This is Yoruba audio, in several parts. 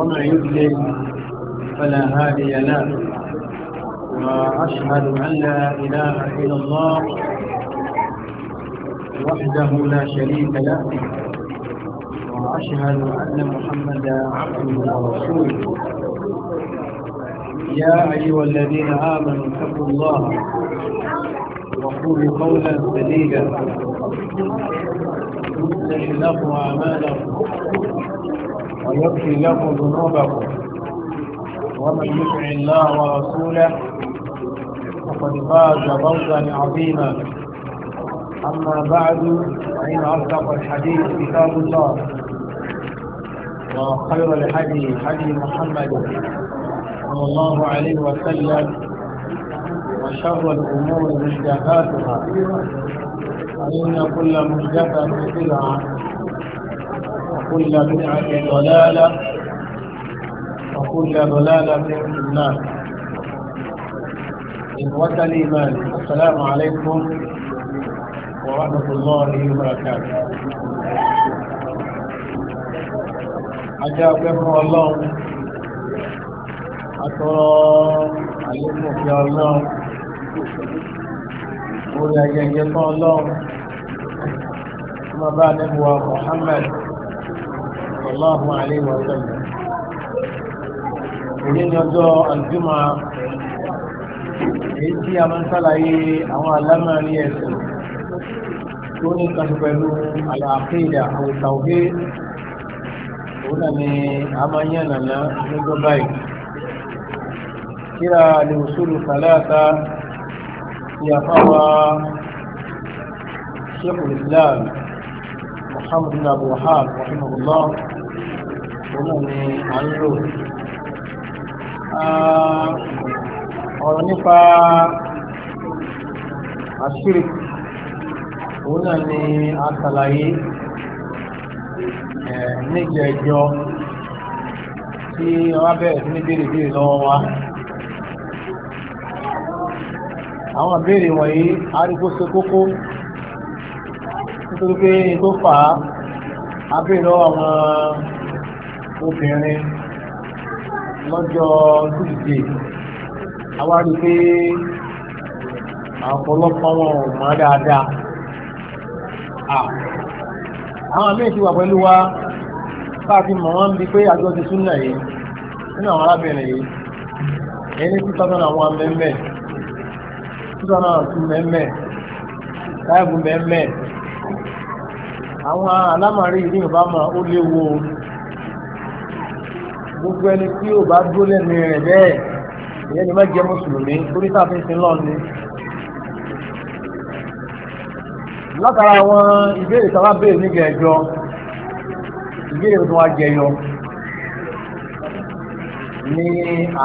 ومن يدلل فلا هادي له وأشهد أن لا إله إلا الله وحده لا شريك له وأشهد أن محمدا عبده ورسوله يا أيها الذين آمنوا اتقوا الله وقولوا قولا سديدا يصلح لكم أعمالكم ويغفر لكم ذنوبكم ومن يطع الله ورسوله فقد فاز فوزا عظيما اما بعد فان اصدق الحديث كتاب الله وخير الهدي هدي محمد صلى الله عليه وسلم وشر الامور مجدفاتها فان كل مجدفه بدعه وكل بدعة ضلالة وكل ضلالة في النار إخوة الإيمان السلام عليكم ورحمة الله وبركاته أجابكم الله أترى عليكم يا الله قول يا جنجة الله ما بعد هو محمد sallallahu alayhi wa sallam èyí ni ọjọ́ àjùmọ̀ èyí tí a máa ń sàlàyé àwọn alámàrí ẹ̀sìn tó ní kan pẹ̀lú àlàáfíà àwọn ìtàwé òun náà ni a máa ń yànnàná lọ́jọ́ báyìí kíra lè òṣèlú sàlẹ́àta ti àfáwà Sheikhul Islam Muhammad bin Abdul rahimahullah òun ni à ń lò ọ̀rọ̀ nípa àṣírí òun náà ni a ṣàlàyé níjẹ ẹjọ́ tí ọba bẹ̀rẹ̀ sí ní béèrè béèrè lọ́wọ́ wa àwọn béèrè wọ̀nyí arígbó ṣe kókó nítorí pé tó fà á abéèrè lọ́wọ́ àwọn obìnrin lọ́jọ́ tuesday àwa pé ọ̀pọ̀lọpọ̀ wọn ò mọ̀ dáadáa àwọn míì ti wà pẹ̀lú wa bá a fi mọ̀ wọ́n bí pé àjọ ti súnà yìí nínú àwọn arábìnrin yìí ẹni tí tọ́jú àwọn mẹ́mẹ́ tọ́jú àwọn tún mẹ́mẹ́ táìbù mẹ́mẹ́ àwọn o. gbogbo ẹni tí ò bá dúró lẹ́nu rẹ̀ bẹ́ẹ̀ ìyẹn ni má jẹ́ mùsùlùmí torí sáfin sin lọ́ọ̀ ni. látara àwọn ìbéèrè tí wọ́n béèrè nígbà ẹjọ́ ìbéèrè tí wọ́n jẹyọ ní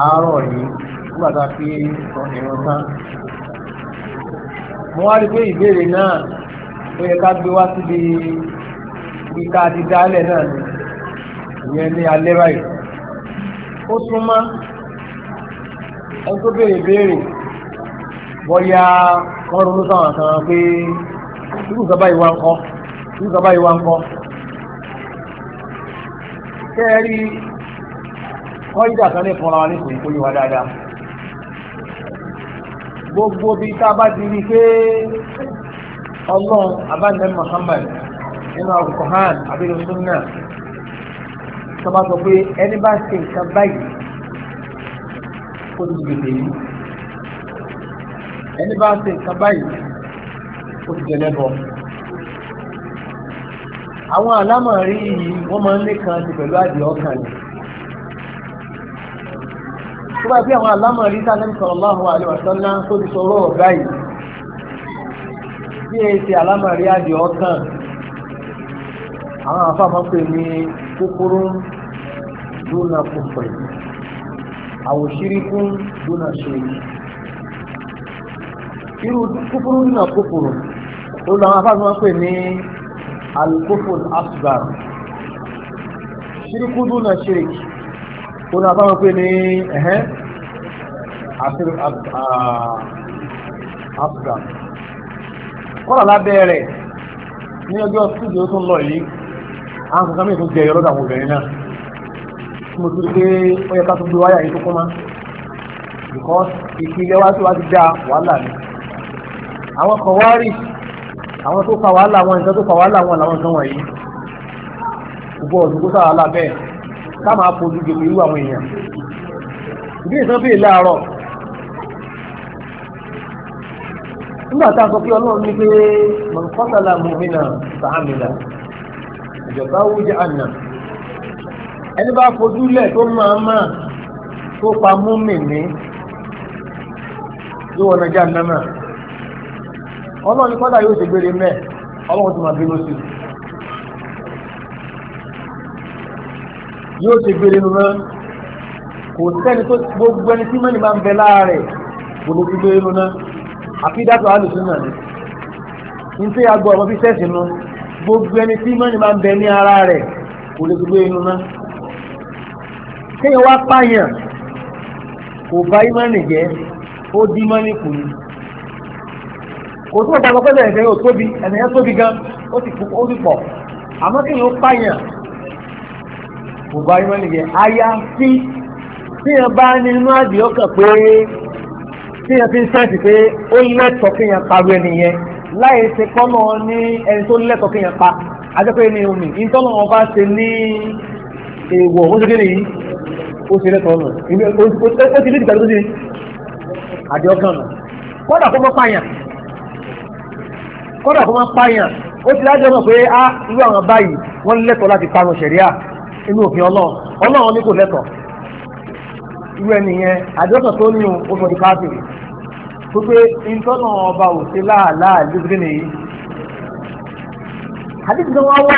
àárọ̀ yìí nígbà tá a fi ìrun tán. mo wá rí pé ìbéèrè náà ó yẹ ká gbé wá síbi ìka àti dálẹ̀ náà ni ìyẹn ní alẹ́ báyìí ó súnmọ́ ẹni tó béèrè béèrè bọ́yá wọ́n ronú sáwọn kan pé irú nǹkan báyìí wá ń kọ́ irú nǹkan báyìí wá ń kọ́ kẹ́ẹ̀rí kọ́ídà kan lè fúnra wa nítorí kó yé wa dáadáa gbogbo bíi tá a bá ti rí i pé ọlọ́run abáńdẹ́ Muhammad nínú Al-Qur'an abẹ́rẹ́ sunnah kan bá sọ pé ẹni bá ṣe nǹkan báyìí kó ti gbèsè yìí ẹni bá ṣe nǹkan báyìí kó ti jẹ lẹ́bọ̀. àwọn àlámọ̀rí yìí wọ́n máa ń lékan ti pẹ̀lú àdìẹ ọkàn ni. tó bá yẹ pé àwọn àlámọ̀rí tá a lẹ́nu sallallahu alaihi wasallam tó ti sọ ọ̀rọ̀ báyìí bí èsì àlámọ̀rí àdìẹ ọkàn àwọn àfa máa ń dúnà kúfùrù àwòṣírí fún dúnà ṣèlú irú kúfùrù dúnà kúfùrù ó lọ àwọn afáàfin wọn pè ní alkufur asgar ṣírí kúdú náà ṣírí ó lọ afáàfin pè ní ẹ̀hẹ́n àṣírí asgar kọ́lá lábẹ́ rẹ̀ ní ọjọ́ sídìí ó tún lọ yìí àwọn kankan mìíràn tó jẹ ìrọ́dà àwọn obìnrin náà mo tún pé ó yẹ ká tó gbé wáyà yìí tó mọ́ because ìpínlẹ̀ wa tó wá ti dá wàhálà ni àwọn kan wá rí àwọn tó fa wàhálà wọn nǹkan tó fa wàhálà wọn làwọn nǹkan wọ̀nyí gbogbo ọ̀dùnkú sára lábẹ́ ká máa fojú gbèsè irú àwọn èèyàn ìdí ìsan bíi láàárọ̀ nígbà tá a sọ pé ọlọ́run ní pé mọ̀nkọ́sálà mọ̀mínà sàámìlà ìjọba wújẹ́ àná ẹni bá fojú lẹ̀ tó máa máa tó pa múmi ní yóò wọ́n nàjà nàmà ọlọ́run ní kọ́dà yóò ṣe gbére mẹ́ ọlọ́run máa bínú sí yóò ṣe gbére náà kò sẹ́ni tó gbogbo ẹni tí ń bẹ kò gbére náà àfi dátọ̀ náà ni ní tí ní ara rẹ̀ kò lè kéèyàn wá pààyàn kò bá ìmánì jẹ́ ó dí ìmánì kù ni kò tó ọ̀tà lọ́pẹ́ ẹ̀fẹ́ yóò tóbi ẹ̀fẹ́ yẹn tóbi gan ó sì pọ̀ àmọ́ kéèyàn pààyàn kò bá ìmánì jẹ́ àyàfi tíyàn bá ní inú àdìọ́ kan pé tíyàn fi ń sáǹtì pé ó lẹ́tọ̀ọ́ kéèyàn parú ẹni yẹn láì ṣe kọ́nà ní ẹni tó lẹ́tọ̀ọ́ kéèyàn pa ajẹ́pẹ́ ní omi ìtọ́nà wọn bá ṣe ní èèwọ̀ ó ṣe kéde yìí ó ṣe lẹ́tọ̀ọ́ nù ó ti lédìgbà tó ṣe àdé ọkàn nù kọ́dà kó mọ́ pààyàn kọ́dà kó mọ́ pààyàn ó ti lájọ́ mọ̀ pé á irú àwọn báyìí wọ́n lẹ́tọ̀ọ́ láti parun ṣẹ̀ríà inú òfin ọlọ́run ọlọ́run ní kò lẹ́tọ̀ọ́ irú ẹni yẹn àdé ọkàn tó ní o sọ di káàkiri tó pé ìtọ́nà ọba ò ṣe láàláà lóṣèlú nìyí àdéhùn wọn wà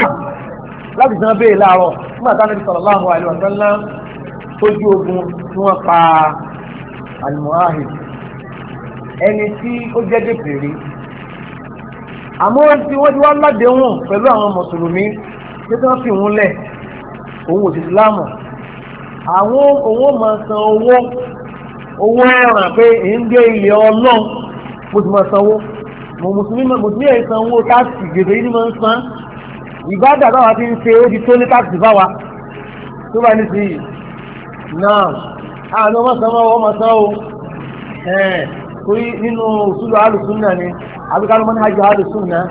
láti san béèrè láàárọ̀ nígbà táwọn ẹni sọ̀rọ̀ láàárọ̀ àìlú ọ̀sán náà tójú ogun tí wọ́n pa almuahid ẹni tí ó jẹ́ dèbèrè àmọ́ tí wọ́n ti wá ládéhùn pẹ̀lú àwọn mùsùlùmí tí wọ́n fi wọn lẹ̀ òun ò sì láàmù àwọn òun máa san owó owó ẹ̀ràn pé èyí ń gbé ilé ọlọ́run mo ti máa sanwó mo mùsùlùmí ẹ̀ sanwó táàsì gbèbè yìí ni mo ń san ìbádà báwa ti ń ṣe ó ti tó ní táàsì báwa tó bá ní sí yìí. náà àná wọ́n sọ wọ́n mọ̀ sọ́ o eh, nínú òṣùlù alùsùn náà ni àbíkálù mọ́ni hajj alùsùn náà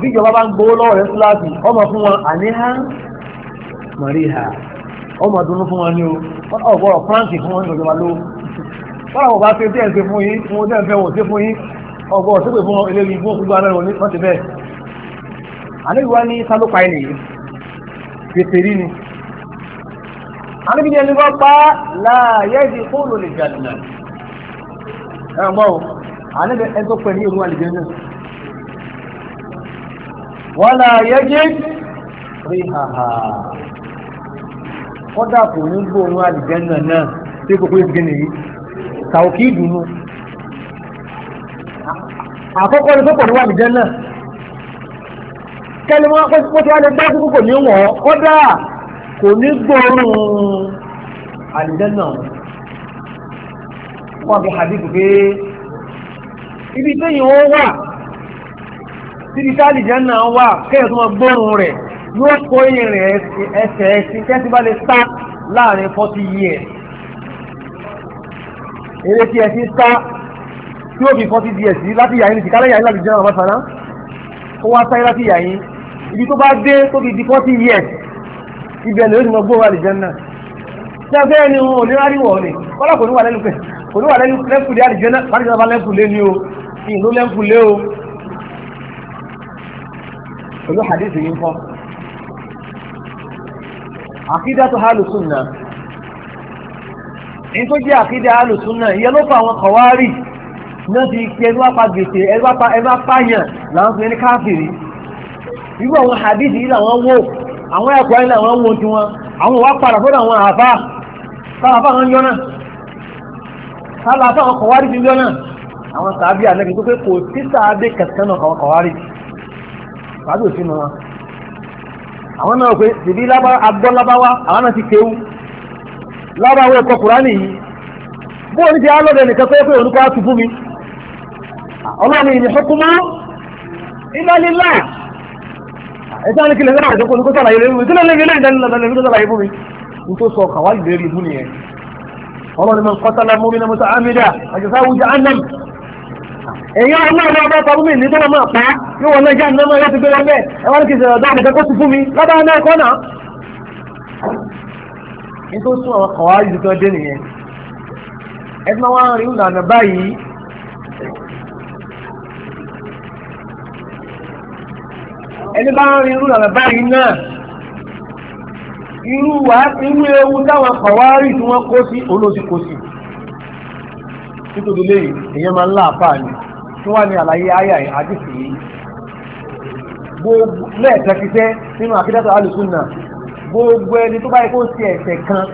bí ìjọba bá ń gbowó lọ́wọ́ síláàsì ọmọ fún wọn mọ̀ríhà ọmọ dunu fún wọn o ọ̀bọ̀ franki fún wọn ní ọjọ́ àwọn ọba ṣe fún yín fún wọn ṣe fún yín fún eléyìí fún gbogbo anáwó àníbìdí ẹni bá pa láàyè di fóònù lè jà nìyà ẹ mọ o àníbi ẹni tó pẹ̀lú ìlú àlejò náà wọ́n láàyè jẹ́ rí hàhà kọ́dà kò ní gbóòórùn àlejò náà náà tí kò pé ìgbìnì yìí kàwọ́ kí ìdùnnú àkọ́kọ́ ni tó pọ̀ níwájú jẹ́ náà kẹ́ni wọ́n pẹ́ pẹ́ tí wọ́n á lè gbá kókò ní wọ́n kọ́dà kò ní gbóòórùn àlìjẹ́nà wọ́n fi hadith pé ibi téyìn ó wà síbi tá àlìjẹ́nà wà kẹ́yìn tó máa gbóòórùn rẹ̀ yóò kó eyín rẹ̀ ẹsẹ̀ ẹsìn kẹ́sì bá lè sá láàrin forty years eré tí ẹsìn sá tí ó fi forty years sí láti yàyín ní ìkálẹ̀ yàyín láti jẹun àwọn àbáṣáná ó wá sáyé láti yàyín ibi tó bá dé tó fi di forty years ibẹ̀ lórí mọ gbówà lè jẹun náà tí a fẹ́ ni wọn ò ní rárí wọ̀ ni kọ́lá kò ní wà lẹ́nu pẹ̀ kò ní wà lẹ́nu lẹ́kùn lé àdìjẹ́ náà wàdìjẹ́ bá lẹ́kùn lé ni o ìlú lẹ́kùn lé o pẹ̀lú hadith yìí ń kọ́ àkídá tó hálù súnà ní tó jẹ́ àkídá hálù súnà ìyẹn ló fa àwọn kọ̀wárì náà ti pe ẹnu apá gbèsè ẹnu apá ẹnu apá yàn làwọn fi ní káfìrí irú àwọn hadith yìí làwọn wò àwọn ẹ̀kọ́ ilẹ̀ àwọn ohun tí wọn àwọn wá padà fọ́dọ̀ àwọn àfá sáàfá àwọn yọ́nà sáàfá àwọn kọ̀wárí ti yọ́nà àwọn sàábí àlẹ́bí tó pé kò sí sàábí kẹsàn náà àwọn kọ̀wárí sàábí òsì mọ́ wọn àwọn náà pé tìbí agbọ́ lábáwá àwọn náà ti kéwú lábáwá ẹ̀kọ́ kùránì yìí bó ní ti alọ́dẹ nìkan pé pé olùkọ́ á tu fún mi ọlọ́run ìní ẹ̀sán ní kílẹ̀ náà àjọkọ̀ ní kó sàlàyé lórí mi kílẹ̀ lórí ilé ìdánilọ́lọ́ lórí tó sàlàyé fún mi ní tó sọ kàwá ìlérí fún nìyẹn ọlọ́run mọ̀ kọ́tàlá mú mi náà mọ́tà ámídà àjọsá wùjá ánàm ẹ̀yìn ọlọ́run náà bá pa fún mi ní tó máa pa yóò wọlé já ní ọmọ láti gbé wọn bẹ́ẹ̀ ẹ wá ní kí ìṣẹ̀lẹ̀ dáàbò kẹ́kọ̀ọ́ ti fún mi lábá náà kọ́ náà ní tó sún àwọn kàwá ìlú kan dé nìyẹn ẹ ẹni bá ń rin irú lànà báyìí náà irú wà irú ewu táwọn kọ̀wárì tí wọ́n kó sí olóòsì kó sí nítorí lẹ́yìn èèyàn máa ń láàfáà ni tí wọ́n ní àlàyé àyà àdìsí yìí gbogbo lẹ́ẹ̀kan ti tẹ́ nínú àkídàtọ̀ alùsùnà gbogbo ẹni tó báyìí kó ń ṣe ẹ̀ṣẹ̀ kan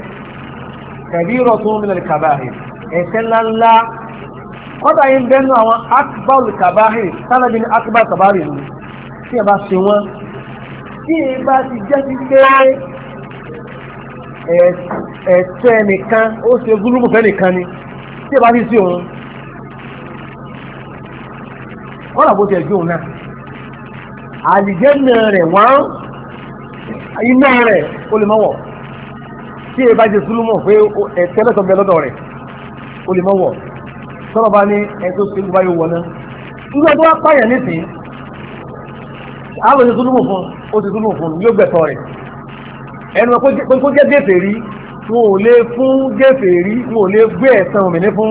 tàbí ìrọ̀tún mílẹ̀ kàbáhì ẹ̀ṣẹ̀ ńláńlá kọ́dà yìí ń bẹ́nu àwọn akíbáwò kàbáhì sálàbí ní akíbáwò kàbáhì ni tí ẹ bá ṣe wọ́n tí ẹ bá ti jẹ́ sí pé ẹ̀tọ́ ẹnìkan ó ṣe gúrúmù fẹ́nìkan ni tí ẹ bá ti sí òun wọ́n làbó ti ẹ̀jú òun náà àlìjẹ́nà rẹ̀ wọ́n iná rẹ̀ ó lè mọ́wọ̀ tí ẹ bá ti súnmọ̀ pé ẹ̀tọ́ ẹlẹ́tọ̀ bẹ lọ́dọ̀ rẹ̀ ó lè mọ́wọ̀ sọ́dọ̀ bá ní ẹ̀tọ́ ṣe gbáyé wọ̀ náà nígbà tó wá pààyàn nísìnyí àwọn ti túlùmù fún ó ti túlùmù fún yóò gbẹ̀tọ̀ rẹ̀ ẹnu kó jẹ́ gèfèrí wọn ò lè fún gèfèrí wọn ò lè gbé ẹ̀san òmìnir fún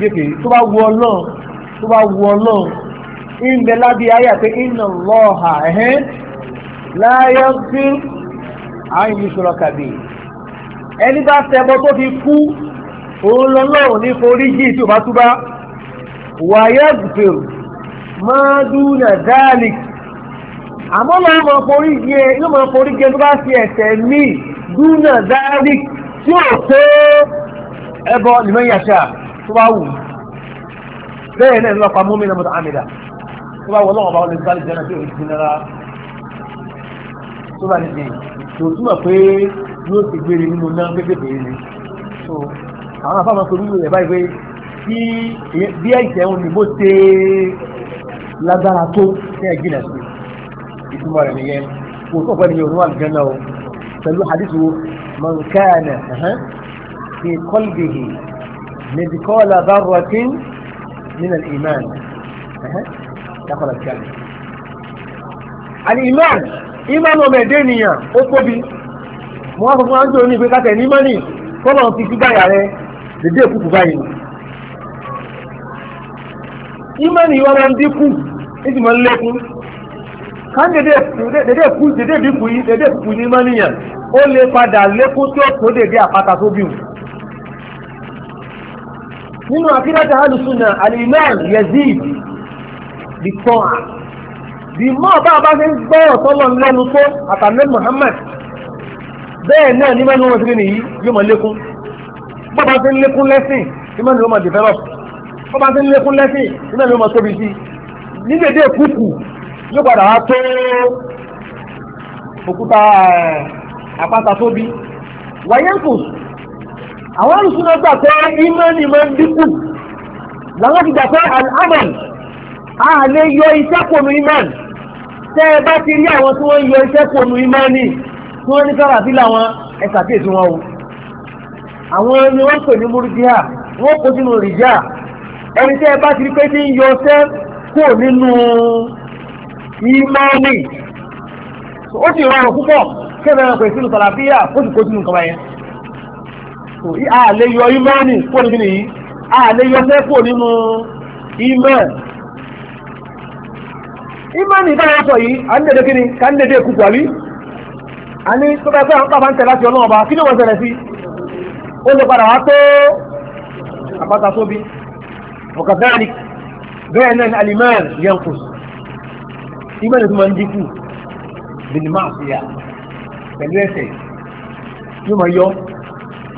gèfèrí tó bá wu ọlọ́run tó bá wu ọlọ́run ìbẹ̀ lábẹ́ ayé àti iná lọ́ọ̀hà ẹ̀hẹ́n láyé sí àyìn ìṣòro kàbí ẹni bá tẹ̀bọ tó fi kú òun lọ́lọ́run ní forí jì tí ò bá túbá wàyẹ̀ gbèrò máa dúnà dáàlìkì àmọ́ lọ́wọ́ máa forí yẹ yóò máa forí gẹ tó bá fi ẹ̀sẹ̀ mí dúnà dárí tí ò tó ẹbọ lìmọ́ yàtà tó bá wù bẹ́ẹ̀ náà ló pa mọ́mí náà mọ́tò àmìdá tó bá wọ lọ́wọ́ bá wọlé sáré jẹ́ náà tí ò ti nira tó bá ní dé tó túmọ̀ pé yóò ti gbére nínú náà pépèpè ni so àwọn afáàmà pẹ̀lú ẹ̀ báyìí pé tí bí ẹ̀jẹ̀ òun ni bó ṣe lágbára tó ní ẹ̀jìnà ìtumọ̀ rẹ̀ nìyẹn kò tó fẹ́ni yóò níwà gánà o pẹ̀lú hadith wo man kana fi qalbihi mithqala dharratin min al-iman dákọ̀lá ti àlè. àní iman iman ọmọ ẹ̀dẹ́ ènìyàn ó tóbi mo wá sọ fún anjo ní ìgbé ní mọ́nì kọ́lọ̀ fi gbígbà yà rẹ dédé òkúkú báyìí ni. iman yìí máa ń dínkù ní ti máa ń lékún kan dédé kú dédé dínkù yìí dédé kù ní mọ́níyàn ó lè padà lékún tí ó tó dédé àpáta tó bì nínú akínáta alùsùnà alimán yazid di tán à bí mọ́ bá a bá ṣe ń gbọ́ ọ̀tọ́lọ́ lẹ́nu tó àtàlẹ́ Muhammad bẹ́ẹ̀ náà ní mẹ́nu wọn ti nìyí yóò mọ̀ lékún bọ́ bá ti ń lékún lẹ́sìn ní mẹ́nu wọn mọ̀ develop bọ́ bá ti ń lékún lẹ́sìn ní mẹ́nu wọn mọ̀ tóbi sí ní dédé kúkú yóò padà wá tó òkúta àpáta tó bí wáyẹ́ǹkù àwọn olùsúná gbà pé ìmọ̀ọ́nì máa ń dínkù làwọn ti gbà pé al-amal a lè yọ iṣẹ́ pònú iman tẹ́ ẹ bá ti rí àwọn tí wọ́n yọ iṣẹ́ pònú iman ní tí wọ́n ní sára sí làwọn ẹ̀sà tí èsì wọn o àwọn ni wọ́n pè ní múrùjíà wọ́n kó sínú rìjà ẹni tẹ́ ẹ bá ti rí pé tí ń yọ iṣẹ́ kò nínú ìmọ̀ọ́nì ó sì rọrùn púpọ̀ kébẹ̀ ẹ̀rọ pẹ̀sìlú sàlàfíà ó sì kó sínú kọba yẹn a lè yọ ìmọ̀ọ́nì kúrò níbi nìyí a lè yọ sẹ́ kúrò nínú ìmọ̀ ìmọ̀ọ́nì bá wọn sọ yìí à ń dédé kíni ká ń dédé kùtù àbí a ní tó bá gbọ́n pàpà ń tẹ̀ láti ọlọ́wọ́ bá kí ni wọ́n ṣẹlẹ̀ sí ó lè padà wá tó àpáta tóbi ọ̀kadà bẹ́ẹ̀ náà alimẹ́ẹ̀ yẹn kù sí nígbà tó máa ń dínkù bìnnìmá àfìyà pẹ̀lú ẹsẹ̀ yóò máa yọ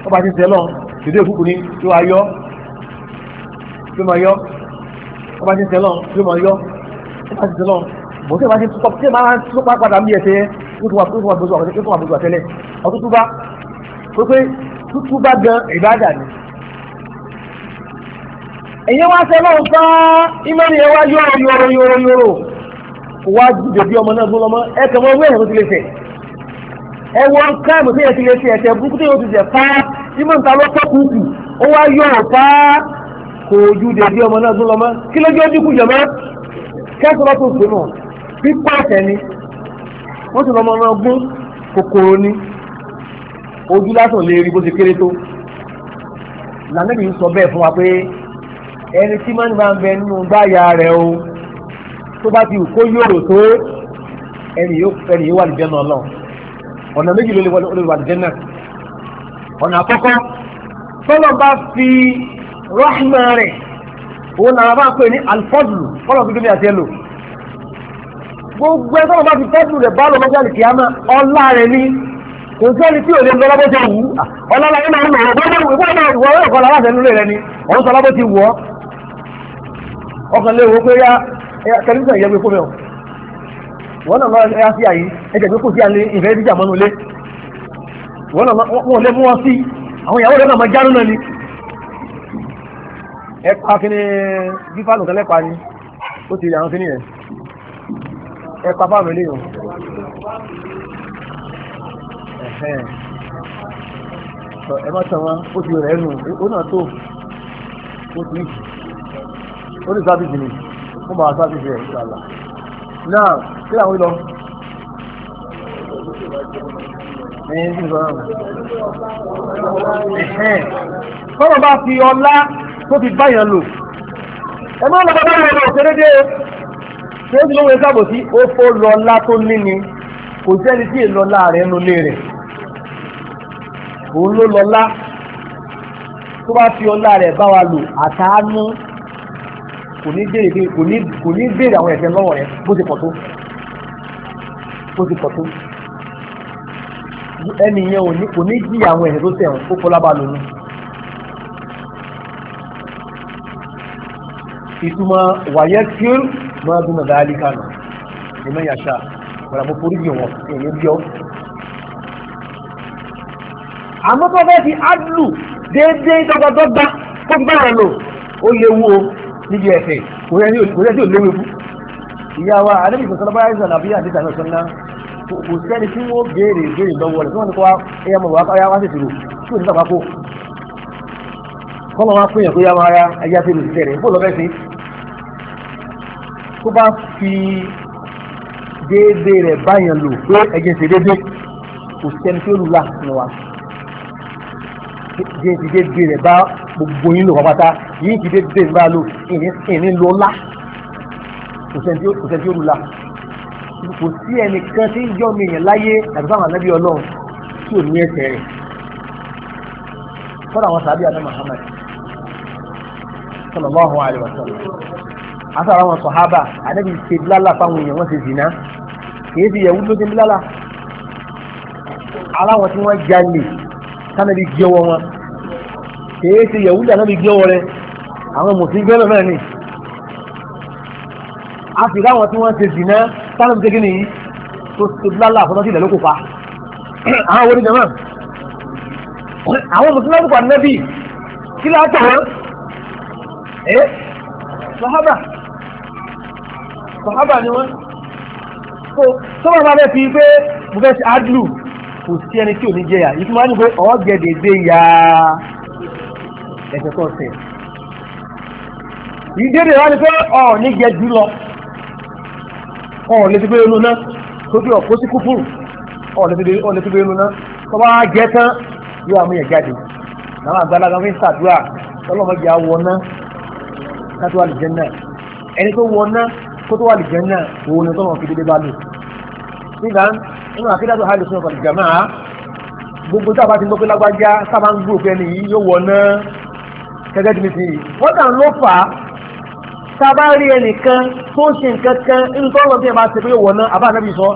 ó bá ti sẹ́ lọ dédé òkúkú ni yóò máa yọ yóò máa yọ ó bá ti sẹ́ lọ yóò máa yọ ó bá ti sẹ́ lọ bó tẹ́ bá ti tọ́ tẹ́ máa tó bá padà ń bí ẹsẹ̀ yóò tó wà tó wà bójú àtẹ́lẹ̀ yóò tó wà bójú àtẹ́lẹ̀ ọtútù bá tó pé tútù bá gan ìbáàdà ni èyí wá sẹ́ lọ́wọ́ fún ìmọ̀ nìyẹn wá yọ̀rọ̀ yọ̀rọ̀ yọ̀rọ̀ kò wá dìde bí ọmọ náà gbó lọmọ ẹ kàn wọ́n wé ẹ̀sán ti lè fẹ̀ ẹ wọ káàmù tí yẹn ti lè fi ẹ̀sẹ̀ burúkú tí yẹn ti jẹ fáá tí mọ̀ nǹkan lọ́pọ̀ kù kù ó wá yọ ọ̀ fáá kò ju dèbí ọmọ náà gbó lọmọ kí ló jẹ́ dínkù jẹ̀mọ́ kẹ́sọ̀ bá tó gbé mọ̀ pípọ̀ ẹ̀sẹ̀ ni wọ́n ti lọ́mọ náà gbó kòkòrò ni ojú lásán lè rí bó ti kéré tó lànà tó bá ti kó yòrò tó ẹni yóò wà lùjẹ́ náà lọ ọ̀nà méjì ló lè wà lùjẹ́ náà ọ̀nà àkọ́kọ́ tọ́lọ̀ bá fi rọ́ṣmà rẹ̀ òun làwọn bá pè ní alifọ́dùlù kọ́lọ̀ fi dúdú àti ẹlò gbogbo ẹ tọ́lọ̀ bá fi fọ́dùlù rẹ̀ bá lọ lọ́jọ́ àlùkìyàmá ọlá rẹ̀ ní kò sẹ́ni tí ò lè lọ lọ́bọ̀ tó wù ú ọlá rẹ̀ náà ń lọ ọ̀gbọ́n ni ọ̀hún sọ lọ́bọ̀ tẹlifíṣàn ìyẹn gbé fún mi o wọn náà lọ́wọ́ ẹ̀yà sí àyè ẹ̀jẹ̀ gbé kó sí alẹ́ ìfẹ́ ìdíjà mọ́nu lé wọn náà wọn lé mú wọn sí àwọn ìyàwó rẹ̀ náà máa jánu náà ni ẹ pa kí ni fífà lùkẹ́ lẹ́pa ni ó ti rí àwọn kíní yẹn ẹ pa fáwọn eléyìí o ẹ má tàn wọn ó ti rẹ̀ ẹ́ nù ó náà tó ó ti ó ní sábìsì nìyí wọ́n bá sá fífi ẹ̀ ìṣàlá náà kí làwọn lọ. ẹ̀yìn sí ìṣọ́ra rẹ̀. tọ́lọ̀ bá fi ọlá tó fi báyàn lò ẹ máa lọ bàbá rẹ̀ lọ òṣèré tí ó sì lówó ẹ̀ka bò sí ó fó lọ́lá tó ní ni kò sẹ́ni tí èlọ́lá rẹ̀ nu lé rẹ̀ òun ló lọ́lá tó bá fi ọlá rẹ̀ bá wa lò àtàánú kò ní béèrè kò ní kò ní béèrè àwọn ẹ̀ṣẹ̀ lọ́wọ́ rẹ bó ti pọ̀ tó bó ti pọ̀ tó ẹni yẹn ò ní kò ní jí àwọn ẹ̀ṣẹ̀ tó ṣẹ̀wọ̀n ó kọ́ lábá lónìí. ìtumọ̀ wàyẹ́ tí ó máa dún ọ̀dà àlíkà nù ní mẹ́yàṣá ọ̀rọ̀ mo forí yìí wọn èyí bí ọ́. àmọ́ tó fẹ́ fi ádùlù déédéé dọ́gbadọ́gba kó gbára lò ó léwu o níbi ẹ̀sẹ̀ kò rẹ́ tí ò léwu ikú ìyá wa alẹ́bí ìfọ̀sọ́lọ́ báyìí sọ̀rọ̀ àbí àti ìtàn ọ̀sán náà kò sẹ́ni tí wọ́n béèrè béèrè lọ́wọ́ rẹ̀ tí wọ́n ní kó ẹyà mọ̀ wá wá ṣèṣirò tí ò ní bàbá kó kọ́mọ wá pínyàn kó yá máa ra ẹyà tí mo gbogbo yín lò pátá yìí ti dédé bá lò ìní ló ńlá kò sẹ́ni ó rúlà kò sí ẹnìkan tí ń yọ mi yẹn láyé àti fáwọn anábì ọlọ́run tí ò ní ẹsẹ̀ rẹ̀ sọ́dọ̀ àwọn sàbí àti Muhammad sallallahu alaihi wasallam asara wọn sọ̀hábà anábì ṣe bílálà fáwọn èèyàn wọn ṣe zìnà kìí ṣe yẹ̀wú ló ṣe bílálà aláwọ̀ tí wọ́n jalè kánàbí gbé ọwọ́ wọn kìí ṣe yẹ̀wú lànà bí gbé ọwọ́ rẹ̀ àwọn mùsùlùmí bẹ́ẹ̀ náà ni a sì ráwọn tí wọ́n ṣe dìná sálọ̀ ṣe kíni yìí tó ṣe lálà àfọ́nà sílẹ̀ ló kó pa àwọn wo ni jama àwọn mùsùlùmí lọ́dún pàdé nẹ́bí kí ló tọ̀ wọ́n ẹ́ sahaba sahaba ni wọ́n tó sọ́wọ́n máa bẹ́ẹ̀ fi pé mo fẹ́ ṣe adlu kò sí ẹni tí ò ní jẹyà ìtumọ̀ á ní pé ọ̀ọ́gẹ̀dẹ̀ gbé ya ẹ̀sẹ̀ tó ṣẹ̀ ìdíje wá ní pé ọ̀ ní jẹ jù lọ ọ̀ lè ti gbé inú náà tóbi ọ̀kó sí kúfùrù ọ̀ lè ti gbé inú náà tó bá jẹ tán yóò àmúyẹ̀ jáde náà àgbàlagbà fi ń ṣàdúrà ọlọ́mọdé àwọ̀ náà kátó wà lìjẹ́ náà ẹni tó wọ náà kó tó wà lìjẹ́ náà òun ni tọ́lọ̀ fi dédé bá lò nígbà nínú àkídájọ́ hàlù sínú ọ̀pọ̀lọpọ̀ jàmá gbogbo tábà ti gbọ́ pé lágbájá sábà ń gbòòfẹ́ nìyí yóò wọ náà gẹ́gẹ́ bí mi fi wọ́n tà ló fà á sábà rí ẹnìkan tó ṣe nǹkan kan nǹkan lọ́dún ẹ̀ máa ṣe pé wọ̀ náà àbá ànábì sọ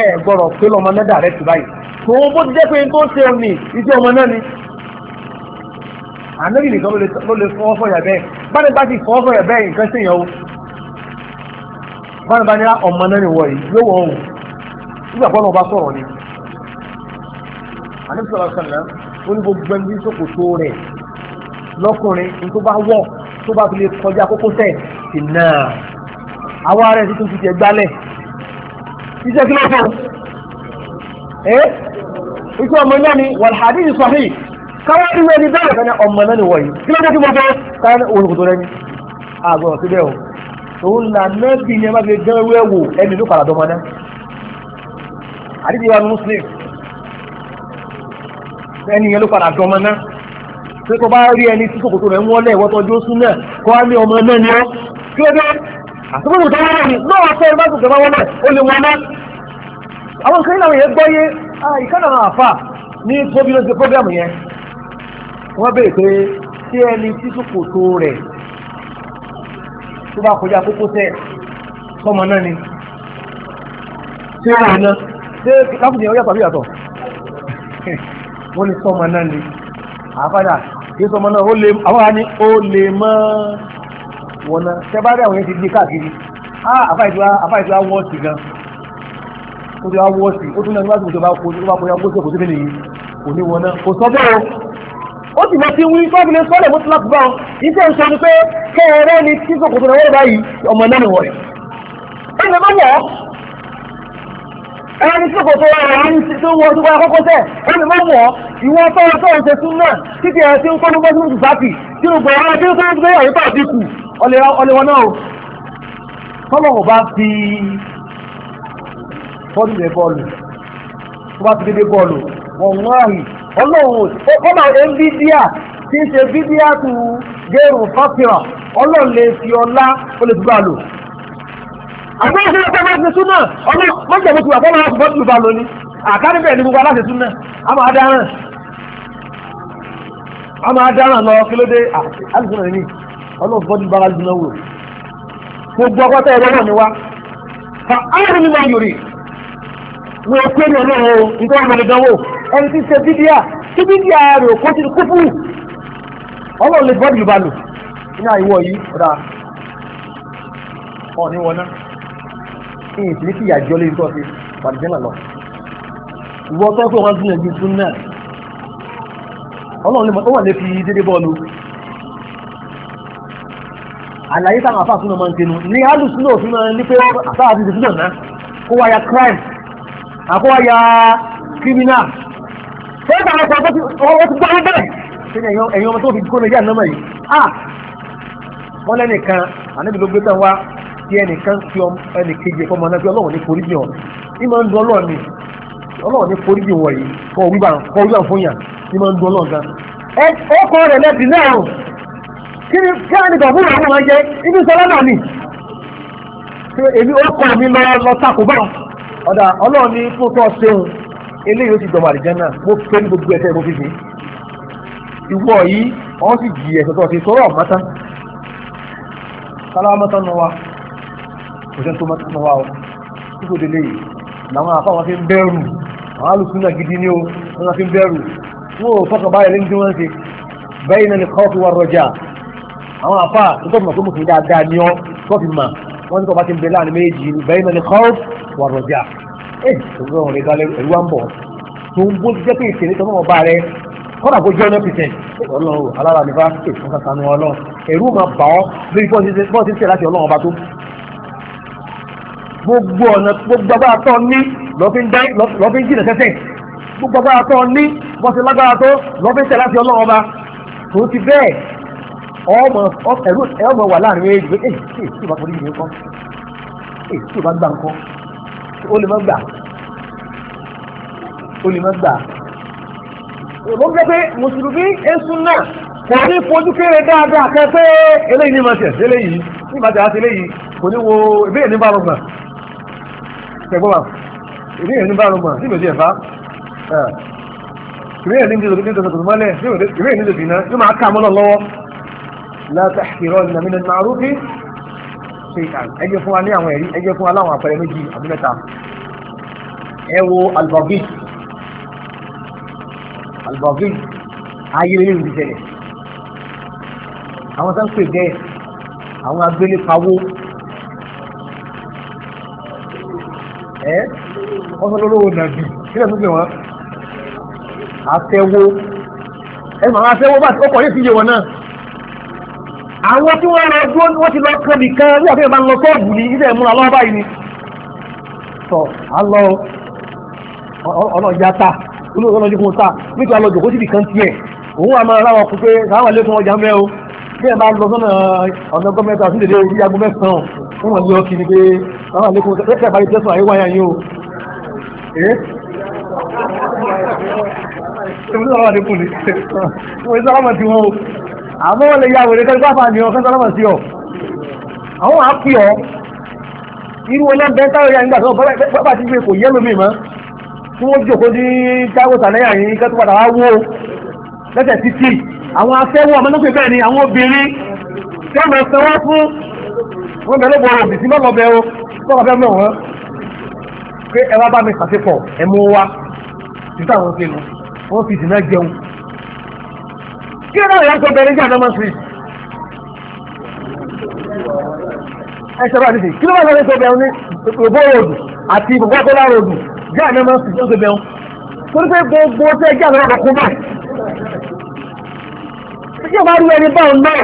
ẹ gbọ́dọ̀ pé lọ́mọ náà dàrẹ́ ti báyìí tòun bó ti jẹ́ pé tó ṣe òní iṣẹ́ ọmọ náà ni. ànábì nìkan ló lè fọwọ́ fọyà bẹ́ẹ̀ báni bá ti fọwọ́ fọyà bẹ́ẹ̀ nǹkan ṣe yàn o báni bá ní ah, ọmọ náà ni wọ̀ yìí yóò wọ̀ ọ́n nígbà pọ́n náà bá sọ̀rọ̀ ni. ànábì sọ̀rọ̀ sọ̀rọ̀ ó ní gbogbo ẹni tó kò tó rẹ̀ lọ́kùnrin tó bá wọ̀ tó bá fi lè kọjá kókó sẹ́ẹ̀ fi náà àwọn ará ẹ̀sìn tó ti jẹ gbálẹ̀ iṣẹ́ kí ló fún ẹ́ iṣẹ́ ọmọ náà ni wàlhàdí ìsọ̀hí káwọn ẹni wọ́n ni bẹ́ẹ̀ fẹ́ ọmọ náà ni wọ̀nyí kí ló dé kí mo fẹ́ káwọn olùkòtò rẹ ni àgbọ̀ síbẹ̀ o òun là nẹ́bí ni ẹ má fi gẹ́rẹ́ wẹ́wò ẹni ló padà dọ́mọ náà àdídì wa muslim ẹni yẹn ló padà dọ́mọ náà pé kó bá rí ẹni tí kòkòtò rẹ̀ ń wọ́lẹ̀ ìwọ́tọ́jú ó sún náà kó wá ní ọmọ náà ni ọ́ kí ló dé àtúbọ̀tò tó wọ́n ní lọ́wọ́ fẹ́ bá tòkè bá wọ́n náà ó lè wọ́n náà àwọn nǹkan yìí làwọn èèyàn gbọ́ yé ìkànnà àfà ní tóbi ló ṣe prógrámù yẹn wọ́n béèrè pé tí ẹni tí sòkòtò rẹ̀ tó bá kọjá kókó tẹ̀ sọmọ náà ni ṣé wọ́n náà ṣé lákùnrin yẹn ó yàtọ̀ àbí yàtọ̀ wọ́n ní sọmọ náà ni àfàdà kí sọmọ náà ó lè àwọn àní ó lè mọ́ wọ́n náà tẹ́bárẹ́ àwọn yẹn ti gbé káàkiri àfáìtì wa wọ́ọ̀sì gan ó ti wá wọ́ọ̀sì ó tún náà níwájú tó bá kó tó bá kó yá gbóṣe kò sí bẹ́ẹ̀ nìyí kò ní wọ́n náà kò sọ bẹ́ẹ̀ o ó sì máa ti wí fọ́ọ̀mù lè sọ́ọ̀lẹ̀ mọ́tò láti bá wọn iṣẹ́ ń sọ ni pé kẹ́ẹ̀rẹ́ ni tí kòkòtò rẹ̀ wọ́n báyìí ọmọ náà nìwọ̀n rẹ̀ ẹni bá wọ̀ ẹni tí kòkòtò rẹ̀ ń tó wọ tó wọ akọ́kọ́ tẹ̀ ẹni bá wọ̀ ìwọ tọ́wọ́ tọ́wọ́ ṣe sún náà títí ẹ̀ tí ń kọ́ ní gbọ́dọ̀ ọlẹ́wọ́n náà tọ́lọ́wọ́ bá fi bọ́ọ̀lù rẹ̀ bọ́ọ̀lù tó bá fi dédé bọ́ọ̀lù wọ̀n wáyì ọlọ́run ọ̀pọ̀lọ̀ Nvidia tí ń ṣe bídíà tù gẹ́rù fásitìrà ọlọ́run lè fi ọlá ó lè túbà lò. àgbẹ̀ ìṣẹ́ ìṣẹ́ máa ń ṣe súnà ọlọ́run wọ́n jẹ̀bú tiwa fọ́nà láti bọ́ọ̀lù bá lóní àkádébẹ̀ ni gbogbo aláṣẹ súnà a máa dáràn a máa dáràn lọ kílódé àlùfáà nìyí ọlọ́run fọ́jú bára jùlọ wò gbogbo ọgbọ́tọ̀ ẹ̀rọ náà ni wá fa áàrùn nínú ayòrè wo pé ní ọlọ́run o nǹkan ọmọ nìkan wò ẹni tí ń ṣe bídíà tí bídíà rẹ̀ kó ti kú fún ọlọ́run lè fọ́jú bá lò ní àìwọ̀ yìí ọ̀dà ọ̀ní wọn náà ní ìsìnkú ìyà jọ lórí tọ́sí pàdéjẹ́nà lọ ìwọ tọ́sí wọn gbìyànjú fún náà ọlọ́run lè fi dédé bọ́ọ̀lù àlàyé táwọn afáàfin náà máa ń tẹnu ní alùsùn náà òfin máa ń ní pé sáà ti dìbò náà kó wáyà crime àkówáyà criminal fẹ́ẹ̀tà àwọn ọkọ̀ ọwọ́ ti gbọ́n bẹ́ẹ̀ ṣe ni ẹ̀yin ọmọ tó fi kóno yá nọ́mọ̀ yìí ah wọ́n lẹ́nìkan ànábì ló gbé tán wá tí ẹnìkan fi ẹnìkejì ẹ̀kọ́ mọ́ná pé ọlọ́run ní forí jìn ọ́ ní máa ń dun ọlọ́run ni ọlọ́run ní forí jìn wọ̀ yìí kọ́ wíwà kọ́ wíwà fún yàn ní máa ń dun ọlọ́run gan. ọkọ rẹ̀ lẹ́bi náà kí ni kí á ní gọ̀fún àwọn ọmọ jẹ ibi sọlá náà nì èmi ó kọ́ mi lọ lọ sàkó bá ọ̀dà ọlọ́run ní fún tọ́ ṣeun eléyìí ó ti dọ̀mọ̀ àdìjẹ́ náà mo fẹ́ ní gbogbo ẹ̀fẹ́ mo fi fi ìwọ yìí wọ́n sì jì ẹ̀sọ̀ tó ti sọ̀rọ̀ mọ́tá sáláwá mọ́tá nu wa kò sẹ́ni tó mọ́tá nu wa o tí kò délé yìí làwọn afáwọn fi ń bẹ̀rù àwọn alùpùpù náà gidi ni o wọ́n fi ń bẹ̀rù wọn ò fọkàn báyìí lẹ́yìn tí wọ́n ń ṣe bẹ́ẹ̀ náà ni kọ́ọ̀fù wa rọjà àwọn àfà tó mọ̀ tó mùsùlùmí dáadáa ní ọ́ tó fi mà wọ́n ní tó bá ti ń bẹ láàrin méjì bẹ́ẹ̀ náà ni kọ́ọ̀f wà rọ̀jà ẹ̀ ẹ̀rú ọ̀rọ̀ rẹ̀ gbalẹ̀ ẹ̀rú wa ń bọ̀ tó ń bó jẹ́ pé ìṣẹ̀lẹ̀ tó mọ̀ bá rẹ̀ kọ́dà kó jẹ́ ọ̀nà pìtẹ̀ eh, ọlọ́run alára nípa ìfún kankanú ọlọ́run ẹ̀rú máa bà ọ́ lórí bọ́ọ̀ ti ń tẹ̀ láti ọlọ́run ọba tó gbogbo ọ̀nà gbogbo agbára tó ní lọ́fíń jìnà sẹ́sẹ̀ gbogbo agbára tó ní bọ́sẹ̀ lágbára tó lọ́fíń tẹ̀ láti ọlọ́run ọba tó ti bẹ́ẹ̀ ọmọ ẹrú ọmọ wà láàrin méjì pé èyí tí èyí tí ìbá forí yìí kọ́ èyí tí ìbá gbà ń kọ́ ó lè má gbà ó lè má gbà. Ìbọn gbé pé Mùsùlùmí Èsù náà kò ní fojú kéré dáadáa kẹ pé eléyìí ní ìmọ̀tẹ̀ eléyìí ní ìmọ̀tẹ̀ àti eléyìí kò ní wo ìbéèrè ní báwọn gbà tẹ̀gbọ́n wa ìbéèrè ní báwọn gbà sí ìbèjì ẹ̀fá ìbéèrè ní ìdílé tó ń tẹ̀sán tó mọ́lẹ̀ ìbéèrè ní ìdílé tó ń tẹ̀sán tó mọ́lẹ̀ yóò máa ká mọ́lọ̀ lọ́wọ́ látàkìrọ́nà mínú màrúfí ṣèkàn ẹ jẹ́ fún wa ní àwọn ẹ̀rí ẹ jẹ́ fún wa láwọn àpẹẹrẹ méjì àbí mẹ́ta ẹ wo albagi albagi ayélujára ìlú ìṣẹ̀lẹ̀ àwọn tó ń pè bẹ́ẹ̀ àwọn agbélépawó ẹ wọ́n fẹ́ lọ́wọ́ nàbì sílẹ̀ tó wọn àtẹwó ẹ màá àtẹwó bá ọkọ̀ yìí ti yé wọn náà àwọn tí wọ́n lọ dúró wọ́n ti lọ kan nìkan ní àfihàn bá ń lọ sọ́ọ̀bù ní ilé ìmúra lọ́wọ́ báyìí ni tọ́ alọ́ ọlọ́jà ta olóòtú ọlọ́jà kò ta nítorí alọ́ jòkó síbi kan tiẹ̀ òun àmọ́ aláwọ̀ kó pé káwọn lé fún ọjà mẹ́ o bí ẹ bá lọ sọ́nà ọ̀nà gọ́mẹ́ntà sí lèdè orí agbó mẹ́sàn-án fún wọn ní ọkì ni pé káwọn lé fún ọjà pẹ́ẹ́sì àbáyé tẹ́sán àyè wáyà yín o. ṣé mo ní ọlọ́wà dínkù ni mo ní sọ́wọ́ àmọ́ wọ́n lè ya wèrè kẹ́lú pápá ni ọ̀kan sọ́lọ́mà sí ọ àwọn àpì ọ irú ọlọ́bẹ̀ táwọn ya nígbà tó pápá ti gbé kò yẹ́ lómi mọ́ tí wọ́n jòkó ní káwọ́ sàlẹ́yà yìí kẹ́tù padà wá wó lẹ́sẹ̀ títì àwọn afẹ́wọ́ amọ́nọ́pẹ̀ bẹ́ẹ̀ ni àwọn obìnrin tí wọ́n mọ̀ sanwó fún wọ́n bẹ̀rẹ̀ bọ̀ ọ̀rọ̀ bìtì lọ́lọ́bẹ̀ o tọ́lọ́ bẹ́ẹ̀ mọ̀ wọ́n pé ẹ wá bá mi pàṣẹ pọ̀ ẹ mú wa títà wọn fi lọ wọ́n fi dìnnà jẹun kí ló náà yà sọ bẹ̀rẹ̀ ní àdámọ́ street ẹ ṣe bá ti sè kí ló náà yà sọ bẹ̀rẹ̀ ní òbó ròdù àti ìbùkọ́kọ́lá ròdù jẹ́ àdámọ́ street ló sọ bẹ̀rẹ̀ torí pé gbogbo tẹ́ jẹ́ àdámọ́ kọ̀ọ̀kan báyìí tí o bá rí ẹni báwọn náà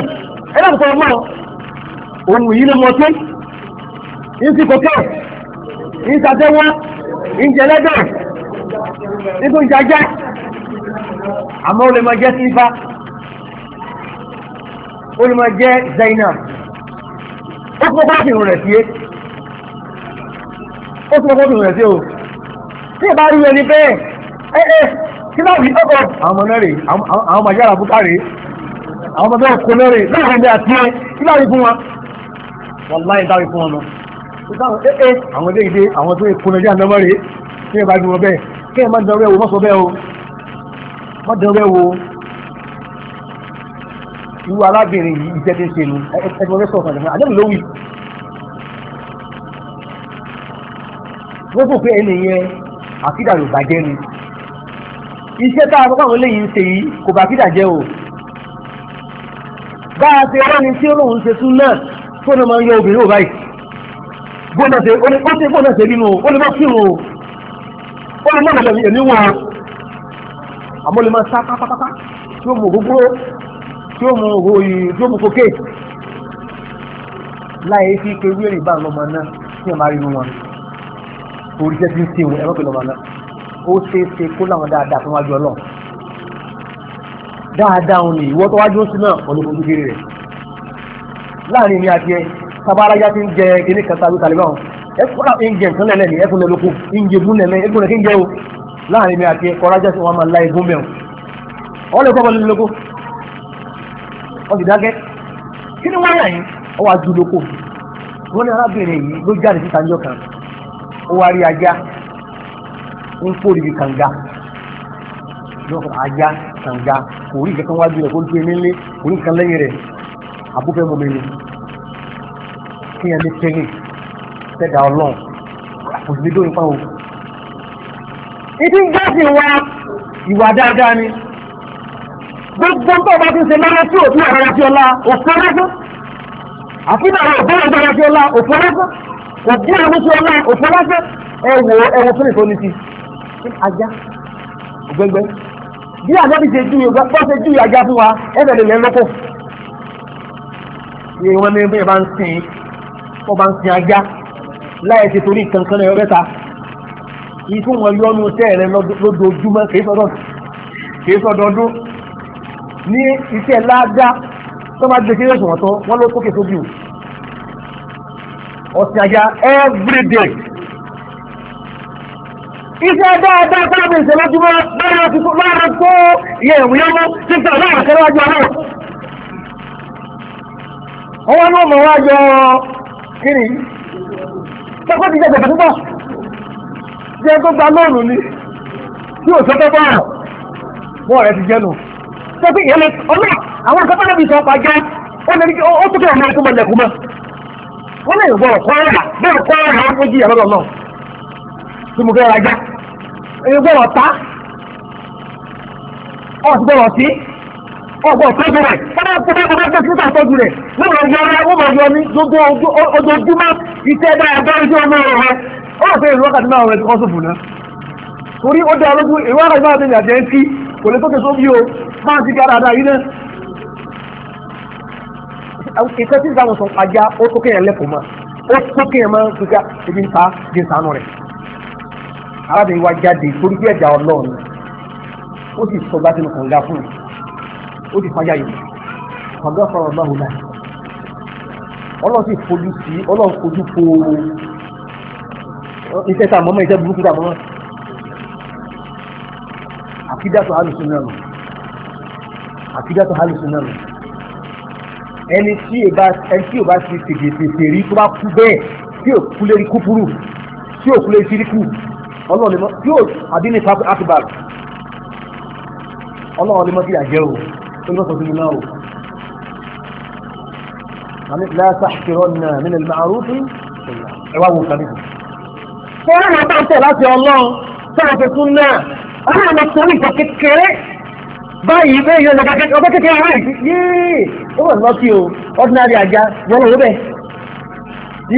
ẹ náà sọ ọmọ òun yìí ló mọ tó ń ti kòtò ń ṣàtẹwọ́ ń jẹlẹ́dọ̀ ń tó ń jajá àmọ́ ó máa jẹ́ sí ifá olùmọ̀ jẹ́ Zainab ó tún kọ́kọ́ fi hùn rẹ̀ sí é ó tún kọ́kọ́ fi rẹ̀ sí o tí ìbá rí ẹni bẹ́ẹ̀ ẹ ẹ kí náà fi ọkọ̀ àwọn ọmọ náà rè àwọn ọmọ yàrá búkà rè àwọn ọmọ bẹ́ẹ̀ kó náà rè náà rẹ̀ àti ẹ kí náà rí fún wọn wọn láyé dáwé fún wọn lọ ìdáhùn ẹ ẹ àwọn ilé ìdè àwọn tó kó náà jẹ́ àdámọ́ rè kí ẹ bá dùn ọ bẹ́ẹ̀ kí ẹ má dán ọ bẹ́ẹ̀ má sọ bẹ́ẹ̀ o má dán ọ bẹ́ẹ̀ irú arábìnrin yìí iṣẹ́ tí ń ṣe nu ẹgbẹ́ fẹ́ sọ̀rọ̀ fún àdéhùn lówì. wọ́n fò pé ẹni yẹn àkídà ló bàjẹ́ ni iṣẹ́ tá a fọ́ káwọn eléyìí ń ṣe yìí kò bá àkídà jẹ́ o. bá a ṣe rẹ́ni tí olóhùn ṣe sún náà tó ní máa ń yọ obìnrin ò báyìí gbọ́dọ̀ ṣe ó ní o ó lè má lọ ẹ̀mí wọn àmọ́ lè má sá pátápátá tí ó tí ó mú ho yìí tí ó mú fòkè láyé fi pé wíìrì bá lọ́mọ náà tí ẹ̀ máa rí inú wọn orí jẹ́ tí ń sìn ẹ̀rọ pé lọ́mọ náà ó ṣe é ṣe kó láwọn dáadáa tó wájú ọlọ́ dáadáa òun ni ìwọ tó wájú oṣù náà wọn ló fojú kiri rẹ̀ láàrin mi àti ẹ tabarajá ti ń jẹ kíní kan tàbí kàlẹ́ báwọn ẹ kúrò ń jẹ nǹkan lẹ́lẹ́ ni ẹ fún lẹ́lọ́kù ń jẹ fún lẹ́lẹ́ ẹ fún lẹ́kí ń jẹ o láàrin mi àti ẹ kọ́rájà sí wọn máa la ẹ̀gbọ́n mẹ́wọ̀n ọ wọ́n ti dákẹ́ kí ni wọ́n yà yín ó wá ju lóko wọ́n ní arábìnrin yìí ló jáde síta níjọ́ kan ó wá rí ajá ń fòrí bí kànga lọ́kọ̀ ajá kànga kò rí ìkẹ́kọ̀ọ́ wájú rẹ̀ kó ń gbé nílé kò rí nǹkan lẹ́yìn rẹ̀ àbúfẹ́ mọ́mi ni kí ẹni tẹ́lẹ̀ tẹ́dà ọlọ́run àpòsílẹ̀ dóyìn pa o. ìdí ń gbẹ́sìn wa ìwà dáadáa ni gbogbo tó o bá ti ń ṣe lọ́wọ́ tí òfin àrà ti ọlá òfin ọlọ́gbọ́n àfihàn àwọn òbí ọ̀dọ́ àrà ti ọlá òfin ọlọ́gbọ́n òbí àwọn ti ọlá òfin ọlọ́gbọ́n ẹ wò ẹ wò fún ìfọ́nìtì ajá gbẹgbẹ bí àjọbí ṣe ju yorùbá bọ́ ṣe ju ajá fún wa ẹsẹ̀ lè lẹ́ lọ́kọ̀ ní wọn ní bí ẹ bá ń sin ọ bá ń sin ajá láyé ti torí kankan ẹ̀rọ mẹ́ta ikú wọn yọnu tẹ́ẹ̀rẹ́ lójoojúmọ́ kìí sọdọọdún ní iṣẹ́ ládá tó máa gbèsè lóṣù wọ̀n tó wọ́n ló tókè sójú ọ̀sìn àjà everyday iṣẹ́ dáadáa sábẹ̀ ìṣẹ́ lójúmọ́ lọ́rọ̀ ti kó lọ́rọ̀ tó yẹ ìwé ọmọ títà lọ́rọ̀ kẹrẹ́wájú ọlọ́rọ̀ ọwọ́ náà mọ̀ wá yọ kiri tọ́kọ́ ti jẹ́ jẹ̀bẹ̀ púpọ̀ jẹ́ tó gba lóòrùn ni tí ò sọ́tọ́ bọ́ọ̀rọ̀ bọ́ọ̀rẹ́ ti jẹ́ nù tó fi ìyẹn lè ọlọ́ àwọn nǹkan tó lè fi sọ ọ̀pá jẹ́ ó lè ní ó tó kí ọ̀nà ẹ̀kú mọ̀lẹ̀kú mọ́ wọ́n lè gbọ́ ọ̀kọ́ ọ̀rà bẹ́ẹ̀ kọ́ ọ̀rà ó méjì yàrá lọ́nà tí mo fẹ́ ra já èyí gbọ́ ọ̀tá ọ̀sì gbọ́ ọ̀sì ọ̀gbọ̀ tọ́jú rẹ̀ wọ́n máa tọ́jú rẹ̀ pé sísà tọ́jú rẹ̀ wọ́n máa yọ ọ́rẹ́ wọ́n máa yọ ní gbogbo ojoojúmọ́ iṣẹ́ dáadáa ojú ọmọ rẹ̀ rẹ̀ ó rò pé ìlú wákàtí náà rẹ̀ ti kọ́ sófò náà torí ó dá ológun ìwé wákàtí náà ti ní àjẹ́ sí kò lè tókè sóbi o máa ti gbára dáa yìí náà ìfẹ́ tí ìdáhùn sọ ajá ó tó kéèyàn lẹ́kọ̀ọ́ mọ́ ó tó kéèyàn máa ń gbégbá ebi ń ta di sànù rẹ̀ arábìnrin wa jáde torí bí ẹ̀jà ọlọ́run ó sì sọ bá sínú kànga fún un ó sì fàyà yìí kànga sọ̀rọ̀ náà wùdà ọlọ́run sì fojú sí ọlọ́run fojú fo iṣẹ́ tá a mọ́mọ́ iṣẹ́ burúkú tá a mọ́mọ́ àkídàtọ̀ àlùsùn náà nù àfijọ́ tó hálùsùn náà ẹni tí ò bá ti tètè tètè rí tó bá kú bẹ́ẹ̀ tí ò kú lérí kúfúrú tí ò kú lérí síríkù ọlọ́run lè mọ tí ò àbí ní akíbar ọlọ́run lè mọ sí àjẹ́ o ó lè mọ sọ́sọ́ nínú náà o. لا تحقرن من المعروف ẹ wá wo nǹkan nìkan. fọ́nrán àtàntẹ̀ láti ọlọ́run sọ̀rọ̀ tuntun náà ọlọ́run lọ sórí ìfọ̀ kékeré báyìí bẹ́ẹ̀ yóò lọ́ka ọgbẹ́ kékeré rẹ̀ yéé ó wà lọ́kì o ordinary ajá wọ́n wọ́n bẹ́ẹ̀.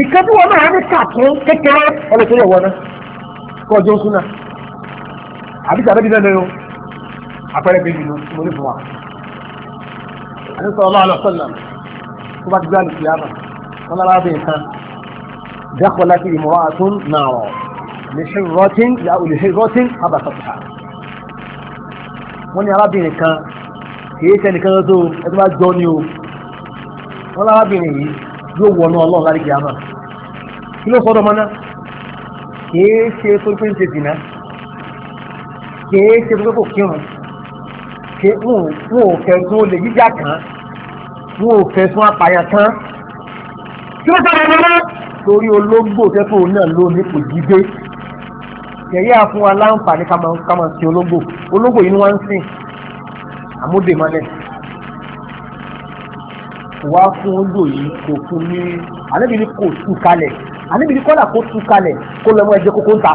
ìkan tí wọ́n náà ní kàtún kékeré ọlọ́sọ̀rọ̀ wọ́n náà kọjọ́ súnà àbí tàbí bí bẹ́ẹ̀ àpẹẹrẹ bíi ìlú mo ní fún wa. àní sọ̀rọ̀ lọ́wọ́ lọ́sọ̀nà tó bá ti gbé àlùfí àmà wọn lára bẹ́ẹ̀ kan dákọ̀ láti ìmọ̀ àtún náà ní ṣe rọ́tín yà wọ́n ní arábìnrin kan kìí sẹ́nìkan tó ẹ tó bá jọ ni o wọ́n lárábìnrin yìí yóò wọnú ọlọ́run láti kìí àmà kí ló sọ́dọ̀ mọ́ná kìí ṣe tó pé ń ṣe dìnnà kìí ṣe tó pé kò kírun kìí wọn ò fẹ̀sùn olè jíjà kan wọn ò fẹ̀sùn apààyàn kan kí ló sọ́dọ̀ mọ́ná torí olóńgbò tẹ́fọ̀ náà ló ní kò jí dé tẹ̀yẹ́ àfún wa láǹfààní ká máa sin ológbò ológbò yìí ni wọ́n ń sìn àmúdè mọ́lẹ̀ wá fún ológbò yìí kò fún ní àníbìrì kò tú kalẹ̀ àníbìrì kọ́dà kò tú kalẹ̀ kó lọ́mọ ẹ̀jẹ̀ kókó ń ta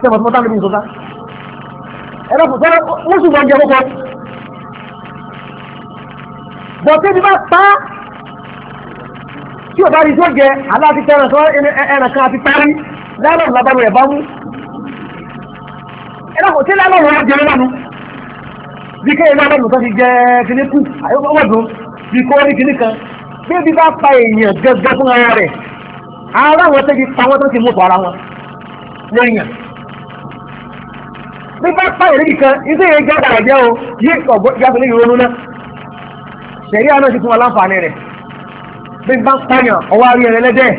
ṣé ìfọ̀sọ́ mọ́tà níbi ìsọ́sá ẹ̀rọ kò sọ́ra wọ́n sì máa ń jẹ kókó bọ̀tẹ́ ni bá pa á tí ò bá rí tó jẹ aláàfin tẹ́ran tó ẹnìkan àti parí lálọ́ làbàlù ẹ̀ bá mú ẹ̀rọ kò tí lálọ́ wọn jẹ́ lọ́nu bí kéèyàn náà lọ́dún tó ti jẹ́ kíní kù ọdún bí kó ní kíní kan bí ebi bá pa èèyàn gẹ́gẹ́ fún ara rẹ̀ ara wọn tẹ́bi pa wọ́n tó ti mú bọ̀ ara wọn lẹ́yìn bí bá pa èèyàn nìkan iṣẹ́ yẹn jẹ́ ọ̀dà jẹ́ o yé ọ̀gbọ́n yàtọ̀ ní ìrònú náà ṣẹ̀rí àná ti fún wa láǹfààní rẹ̀ bí bá pààyàn ọwọ́ àrí ẹ̀rẹ́ lẹ́dẹ̀ẹ́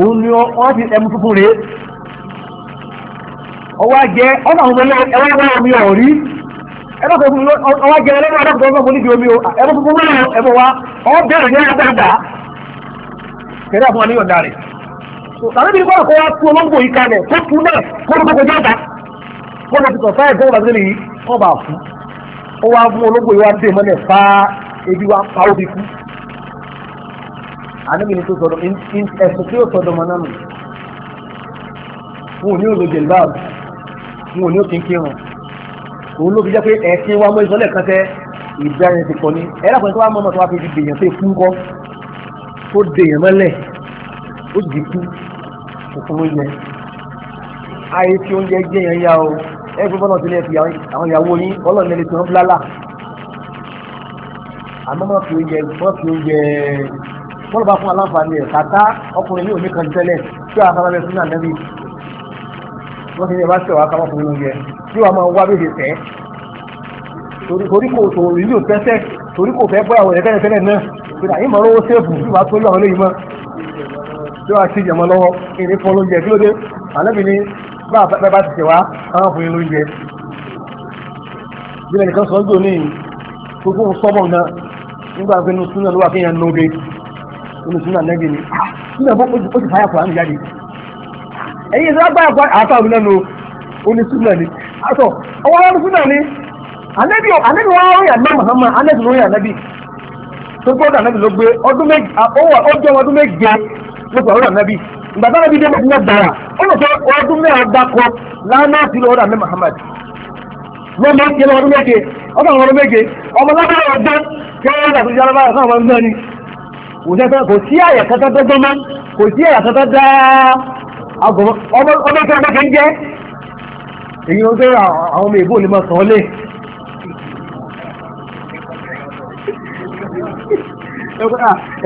òun ni wọ́n ti ẹmu tuntun rèé ọwọ́ ajẹ́ ọmọ àwọn ọmọ ẹwà ẹwà omi ọ̀rí ẹwà fún mi ọwọ́ ajẹ́ ẹlẹ́wọ̀n adágún ọmọ oníbi omi ẹwà fún mi ẹwà wa ọwọ́ bẹ̀rẹ̀ ní àdàdà kẹrẹ àfún wa ní ọ̀dà rẹ̀ tàbí bí wọ́n kọ́ wa tú ọlọ́gbò yìí kalẹ̀ tó tú náà kó ló kókó jáda wọ́n lọ ti sọ sáyẹ̀ tó wà fi kú àníbi ni wọn ò ní òkè ń kírun òun ló fi jẹ́ pé ẹ̀sìn wa mọ́ ìsọ́lẹ̀ kan tẹ́ ìdáyẹn ti pọ̀ ní ẹ̀rọ tó wá mọ́ tó wá fi di dèèyàn tó kú kọ́ tó dèèyàn mọ́lẹ̀ ó sì kú òfin oúnjẹ ayé tí oúnjẹ jẹ́ yẹn yá o ẹ gbé bọ́lá tilẹ̀ fi àwọn ìyàwó yín ọlọ́run lẹ́ni tí wọ́n bláàlà àmọ́ mọ́ fi oúnjẹ mọ́ fi oúnjẹ bọ́lá bá fún aláǹfààní ẹ̀ kàtá ọkùnrin yóò ní kan tẹ́lẹ̀ tí wàá fara rẹ̀ fún ànábì wọ́n ti ní ẹ̀bá ṣẹ̀wá káwọn fún oúnjẹ tí wàá máa wá bèbè fẹ́ torí kò tó ìlú tẹ́tẹ́ torí kò fẹ́ bọ́ àwọn ẹ̀rẹ́tẹ́lẹ̀ tẹ́lẹ̀ náà pé àyè mọ̀ lọ́wọ́ sẹ́ẹ̀bù tí wàá tó lọ́wọ́ lẹ́yìn mọ́ tí wàá ṣe jẹ̀mọ́ lọ́wọ́ kí ni fọ́ lóúnjẹ kí ló dé àlẹ́bí ni bá a bá ti ṣẹ̀wá káwọn fún oúnjẹ bí ẹnìkan sọ ń ní gbogbo sọ́mọ̀ náà nígbà pé nínú súnà ló wà kéèyàn nóge nínú súnà nẹ́gì ni ah, ẹ̀yin ìṣẹ́ agbára pa àtà ni àtọ̀ ọwọ́ onísúnà ni anẹ́bí anẹ́bí wọn rìn anẹ́bí wọn tó gbọ́dọ̀ anẹ́bí ló gbé ọdún méje ọjọ́ ọdún méje ló ìgbà ó lọ sọ ọdún dákọ lọ́wọ́ ọdún ni ọmọ ìkẹ́ ọmọ ìkẹ́ ń jẹ́ èyí ló ń fẹ́ àwọn ọmọ ìbò lè máa sàn lé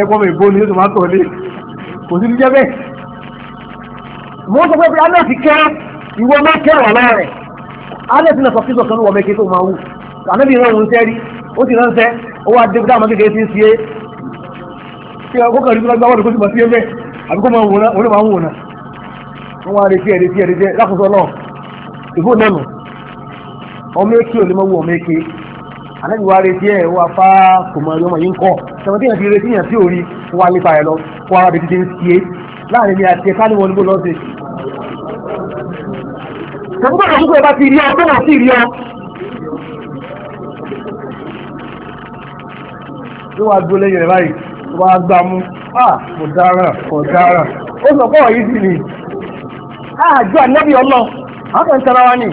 ẹ̀kọ́ ọmọ ìbò ni ó sì máa sàn lé kò sí ní jẹ́ bẹ́ẹ̀ mo sọ pé bí alẹ́ ti kẹ́ ìwọ máa kẹ́ wà láàrẹ̀ alẹ́ ti nà sọ kíkọ̀ kan wọ̀ mẹ́kẹ́ tó máa wù ànábì ìran òun sẹ́rí ó sì ránṣẹ́ ó wá dé dáàmú kékeré sí ń ṣe é kí ọkọ̀ kan rí tó bá gbá wọ́n kó sì mọ̀ sí ẹgbẹ́ àbíkó máa wò náà wọ́n á retí ẹ̀ retí ẹ̀ retí ẹ̀ lákòóso náà ìbò náà nù ọmọ èké ò lè mọ̀ wú ọmọ èké ànábi wa retí ẹ̀ wá fá kò mọ ọmọ yìí ń kọ́ sọ̀rọ̀ tí yẹn ti retí yẹn tí ò rí wá lépa ẹ̀ lọ kó ara bẹ̀ títí ń ṣe láàrin mi àti ẹ̀ká níwọ̀n níbo lọ́sẹ̀. sọ̀rọ̀ àdúgbò ẹ̀ bá ti rí ọ tó wà sí rí ọ. ló wá dúró lẹ́yìn rẹ̀ báyìí wá gbámú ah kò dára kò dára ó sọ fọ́ yìí sì ni àjọ ànábì ọlọ́ àwọn kan tara wa ni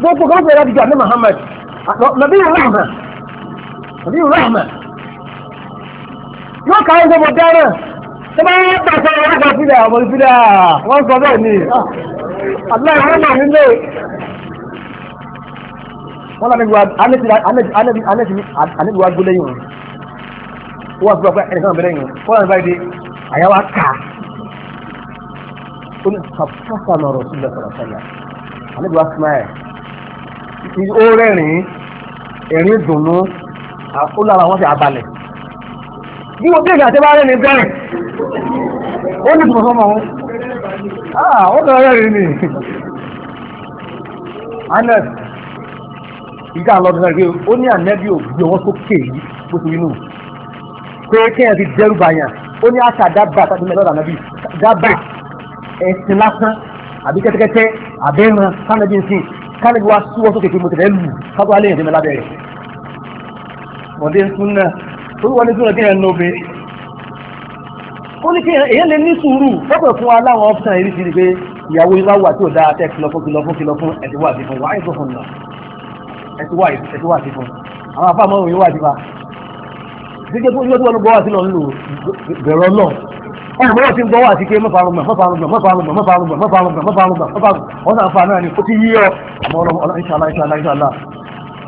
gbogbo kan fẹ́rẹ́ àjọ ànábì Muhammad nàbí rahma nàbí rahma yóò ká ẹgbẹ́ mọ̀ dáná tó bá yẹ bá sọ wọn kan sílẹ̀ àwọn ìfilẹ̀ wọn sọ bẹ́ẹ̀ ni aláì wọn náà nílé wọn lọ níbi wa anẹ́bí wa gbólẹ́yìn wọn wọn fi wá pé ẹnìkan bẹ̀rẹ̀ yìí wọn lọ níbi wa dé àyà wa kà á ó ní fàfàfà náà rọ̀ sílẹ̀ sọ̀rọ̀ sọ̀rọ̀ àlejò wa smile ó rẹ́rìn-ín ẹ̀rín dùnú ó lára wọn fi abalẹ̀ bí wọ́n bí èdè àti bá rẹ́rìn bẹ́rẹ̀ ó ní ìtumọ̀ sọ́mọ́ wọn ó kàn rẹ́rìn ni anet ìgbà lọ́dún náà ó ní ànẹ́bí ò gbé wọn sókè yìí bó ti nínú pé kéèyàn ti dẹ́rù bàyàn ó ní àṣà dábàá tàbí mẹ́lọ́dà náà bí dábàá ẹ̀sìn lásán àbí kẹ́tẹ́kẹ́tẹ́ àbẹ́ran kánẹ́bí ń sìn kánẹ́bí wa súwọ́ sókè pé mo tẹ̀lé lù kágbó alẹ́ ìrìnàmì lábẹ́ rẹ̀ wọ́n dé sún náà torí wọ́n ní sún náà kí ẹ̀ ń lóbe ó ní kí èyàn lè ní sùúrù fọ́pẹ̀ fún wa láwọn ọ́pṣàn yìí ti di pé ìyàwó yín bá wà tí ò dáa tẹ́ kìlọ̀ fún kìlọ̀ fún kìlọ̀ fún ẹ̀sìn wà sí fún wa ẹ̀sìn fún náà ẹ̀sìn wà fún àwọn afáàmọ́ òun ẹ̀rọ mọ́wọ́ ti ń gbọ́wọ́ àti pé mọ́fàrùnmọ̀ mọ́fàrùnmọ̀ mọ́fàrùnmọ̀ mọ́fàrùnmọ̀ mọ́fàrùnmọ̀ mọ́fàrùnmọ̀ mọ́fàrùnmọ̀ ọ̀nà àǹfààní ni ó ti yí ọ àmọ́ ọlọ́mọ ìṣàlá ìṣàlá ìṣàlá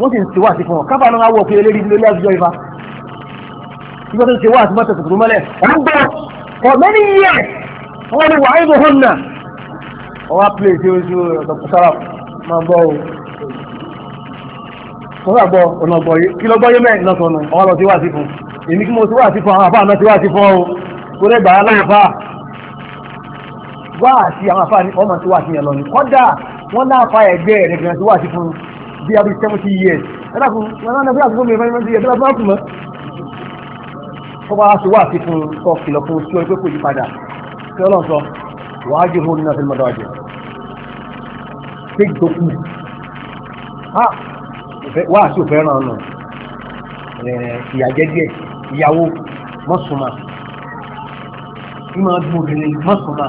wọ́n sì ń ṣe wáàsí fún ọ kábà náà wọ pé eléyìí lórí àjọ ìfà ìjọ tó ń ṣe wáàsí mọ́tò tuntun mọ́lẹ̀ ọ̀n gbọ́ for many years wọ́n ní wàá ìbò hàn náà ọwọ́ play tí ó ṣe ọ̀dọ̀kọ̀ sára máa gbọ́ o wọ́n gbà gbọ́ ọ̀nà ọ̀gbọ̀ yìí kí lọ́gbọ́ yé mẹ́rin náà torí ẹgbàá aláìfà wá àti àwọn afáàní ọmọ tí wà sí yẹn lọ ni kọ́dà wọ́n náà fa ẹgbẹ́ rẹ̀ gbìyànjú tí wà sí fún bí abí seventy years ẹ̀dá fún wọn náà bí àtúntò mi fẹ́ẹ́ fẹ́ẹ́ ẹ̀dá fún àkùnmọ́. kọ́ba aṣọ wà sí fún sọ kìlọ̀ fún sí ọ pé kò yí padà kí ọlọ́run sọ wàá jẹ́ hóun náà fi mọ́tò àjẹ́ take doku ha wá àti òfẹ́ ràn ìyàjẹ́ díẹ̀ ìyàwó mọ́sùnmáà ìmọ̀ ọdún obìnrin mọ́sùnmá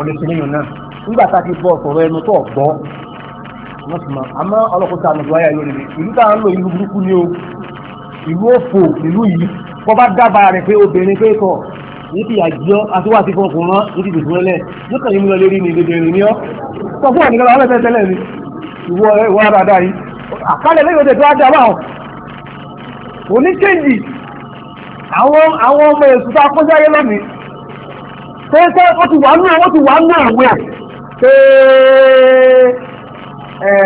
ọ̀lẹ́sìnlẹ́yìn náà nígbà tá a ti bọ̀ sọ̀rọ̀ ẹnu tó gbọ́ mọ́sùnmá àmọ́ ọlọ́kùnrin sàmì ìwáyà yóò rẹ̀ ìlú tá a ń lò ìlú burúkú ni o ìlú òfò ìlú yìí kọ́ bá dábàá rẹ̀ pé obìnrin pé kọ̀ ní ti àjọ àtiwá ti fọkùn rán ní ti dùkú lẹ̀ yóò kàn yín mú lọ lérí ní ìdèdè rìn ní ọ́ sọ fún àmì lọ́wọ́ ọlọ́sẹ̀ tẹ́lẹ̀ ni ìwọ ìwọ àdàdà yìí àkálẹ̀ lẹ́yìn òde tó á dábàá ọ̀ oníkéjì àwọn ọmọ èsù tá a kọjá yé lónìí pé pé ó ti wà náà ó ti wà náà pé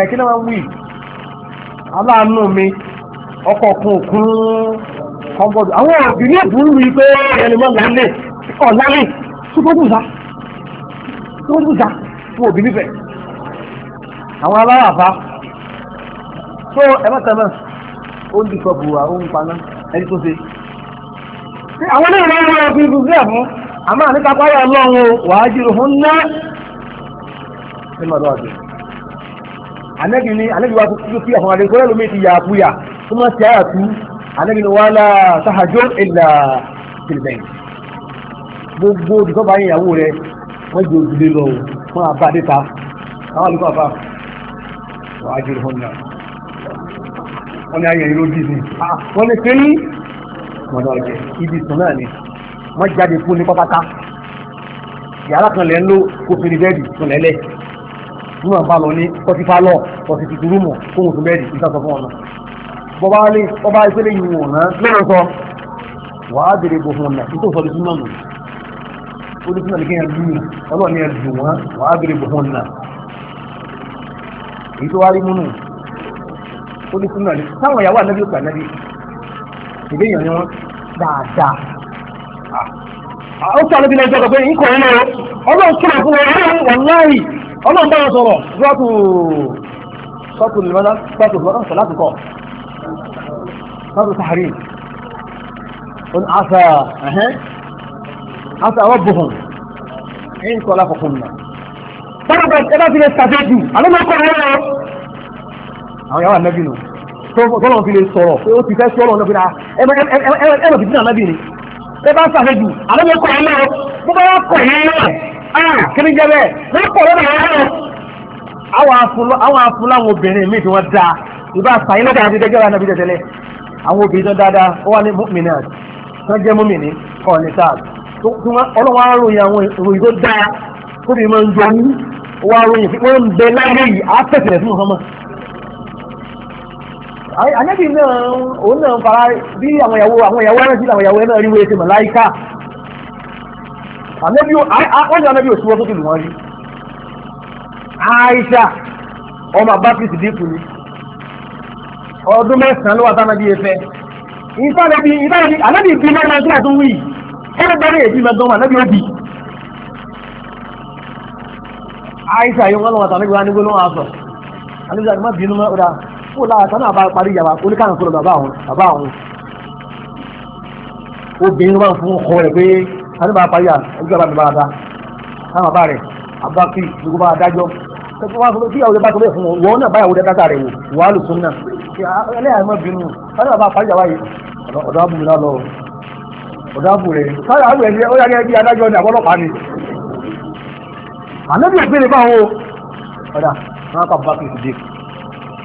kí náà wí aláàánú mi ọkọ̀ òkun àwọn òbí ní èbúrú pé ẹnìmọ́ lálẹ́ ọ̀lálẹ́ ṣùgbọ́dùsá ṣùgbọ́dùsá fún òbí nífẹ̀ẹ́ àwọn aláwàfá tó ẹ̀mẹ́tẹ̀mẹ́ ó ń dìkọ̀ bùwà ẹni tó ṣe àwọn náà àmọ́ àníkà páyà ọlọ́run wàá jírò hún ná ní mọ̀tọ́ ọ̀dọ̀ anẹ́bí ni anẹ́bí wa tó fi àwọn adé kọ́lẹ́ lómi ti yà àkúyà tó máa ti àyà tú anẹ́bí ni wàhálà sáhàjọ́ ìlà tìlìbẹ̀yìn gbogbo olùkọ́ bá yẹn ìyàwó rẹ wọ́n ju ojúlé lọ fún abá déta àwọn olùkọ́ àbá wàá jírò ná wọ́n ní ayẹyẹ ló dì ah, wọ́n ní pé ní mọ̀tọ́ ọ̀dọ̀ ibi náà ni má jáde fún ní pápátá yàrá kan lẹ́ ń lò kó fi ní bẹ́ẹ̀dì tó lẹ́lẹ̀ ní wọn bá lọ ní kọtífà lọ kọtí tuntun rúmù kó wọn tún bẹ́ẹ̀dì níta sọ fún ọ̀nà bọ́bá lé bọ́bá ìpele yìí wọ̀n náà lọ́nà sọ wàá bèrè bò fún ọ̀nà nítorí sọ lójú náà nù olùsùn náà ní kéèyàn dùn yìí ọlọ́ọ̀ ní ẹ̀dùn wọn wàá bèrè bò fún ọ̀nà èyí tó wá rí múnú olùsùn náà ní táwọn ìyàwó ànábì òkè ànábì ìbéèyàn ni wọn dáadáa ó sọ̀rọ̀ bí lẹ́jọ́ pé ikọ̀ ẹ̀ lọ́wọ́ ọlọ́run kìlọ̀ fún wọn ọlọ́run wàláì ọlọ́run bá wọn sọ̀rọ̀ sọ́tù sọ́tù lẹ́mọ́dá sọ́tù lọ́dọ̀ sọ̀láàtù kọ̀ sọ́tù sàárì ó ní àṣà àṣà àwọn bùhùn ẹ̀yìn kọ́lá fọ̀kùn náà. sábà bá ẹ bá fi lè ṣàfẹ́jù àlọ́ máa kọ́ ẹ̀ lọ́wọ́ àwọn yàrá nẹ́bí nù tọ́lọ́ fi lè sọ̀rọ̀ pé ó ti fẹ́ sọ̀rọ̀ náà fi ẹ bá sàfẹ́jù àlejò kọ̀ ẹ́ náà bó bá wà kọ̀ ẹ́ náà kí ni jẹ́ bẹ́ẹ̀ wọ́n kọ̀ lọ́nà ẹ̀ náà. àwọn afúláwọn obìnrin mi ti wọ́n da ìbá sàyìn lọ́dà àti gẹ́gẹ́ bá nàbí tẹ̀tẹ̀lẹ̀ àwọn obìnrin tó dáadáa ó wà ní mọ́mìnà tó jẹ́ mọ́mìnì ọ̀nì sáà ọlọ́wọ́ aróyìn àwọn ìròyìn tó dáa tó fi máa ń jọ wọ́n aróyìn wọ́n ń bẹ láyé yìí fún ànábì náà òun náà fara bí àwọn ìyàwó àwọn ìyàwó náà sí àwọn ìyàwó náà rí wéé ṣe màláìkà ànábì wọ́n ní ànábì òṣùwọ́ tó ti lù wọ́n rí Aisha ọmọ abáfi ti dínkù ni ọdún mẹ́sàn-án ló wà tánàbí efẹ́ ìtànàbí ìtànàbí ànábì bí náà náà kíláà tó wí ẹgbẹ́ bá rèé bí mẹ́gbọ́n ànábì ó bì Aisha yìí wọ́n lọ́wọ́ tánàbí wọn á ní gbólóhùn àfọ̀ ànábì àti má bínú fún lára tánà bá parí ìyàwó oníkàrùn fún bàbá àwọn bàbá àwọn obìnrin máa ń fún ọkọ rẹ̀ pé tánà bá parí àgbẹ̀ bá mi bá da táwọn bàbá rẹ̀ abúlé gbogbo bá dájọ́ tẹ̀sán wá fún kí àwọn bá tó bẹ́ẹ̀ fún wọn wọn náà báyàwó dẹ́ta rẹ̀ wò wàá lù sún náà ẹlẹ́yà mọ́ bínú tánà bá parí ìyàwó yìí àbúrò náà lọ ọ̀dọ̀ àbúrò rẹ̀ tánà àbúrò rẹ̀ ó yà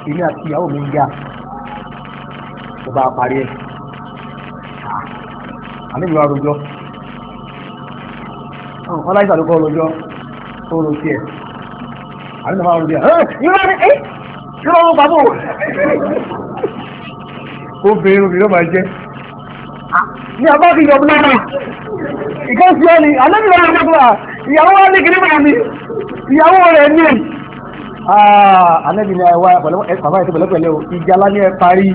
èmi àti ìyàwó mi ń yá ó bá parí ẹ̀ àníbi wa rojọ́ wọn láì sàlùkọ́ rojọ́ ó ro tiẹ̀ àníbi wa rojọ́ ìrọ̀ ni ẹ́ ìrọ̀ ló pàbó obìnrin obìnrin ó máa ní abá fi yọ̀ bùnà náà ìkẹ́sì ọ́ ni àníbi wa rojọ́ ìyàwó wa ní kiri máa ní ìyàwó rẹ̀ ní anẹ́bí ah, ni àìwá ẹ̀fàfà ìtẹ́ pẹ̀lẹ́pẹ̀lẹ́ o ìjà lá ní ẹ parí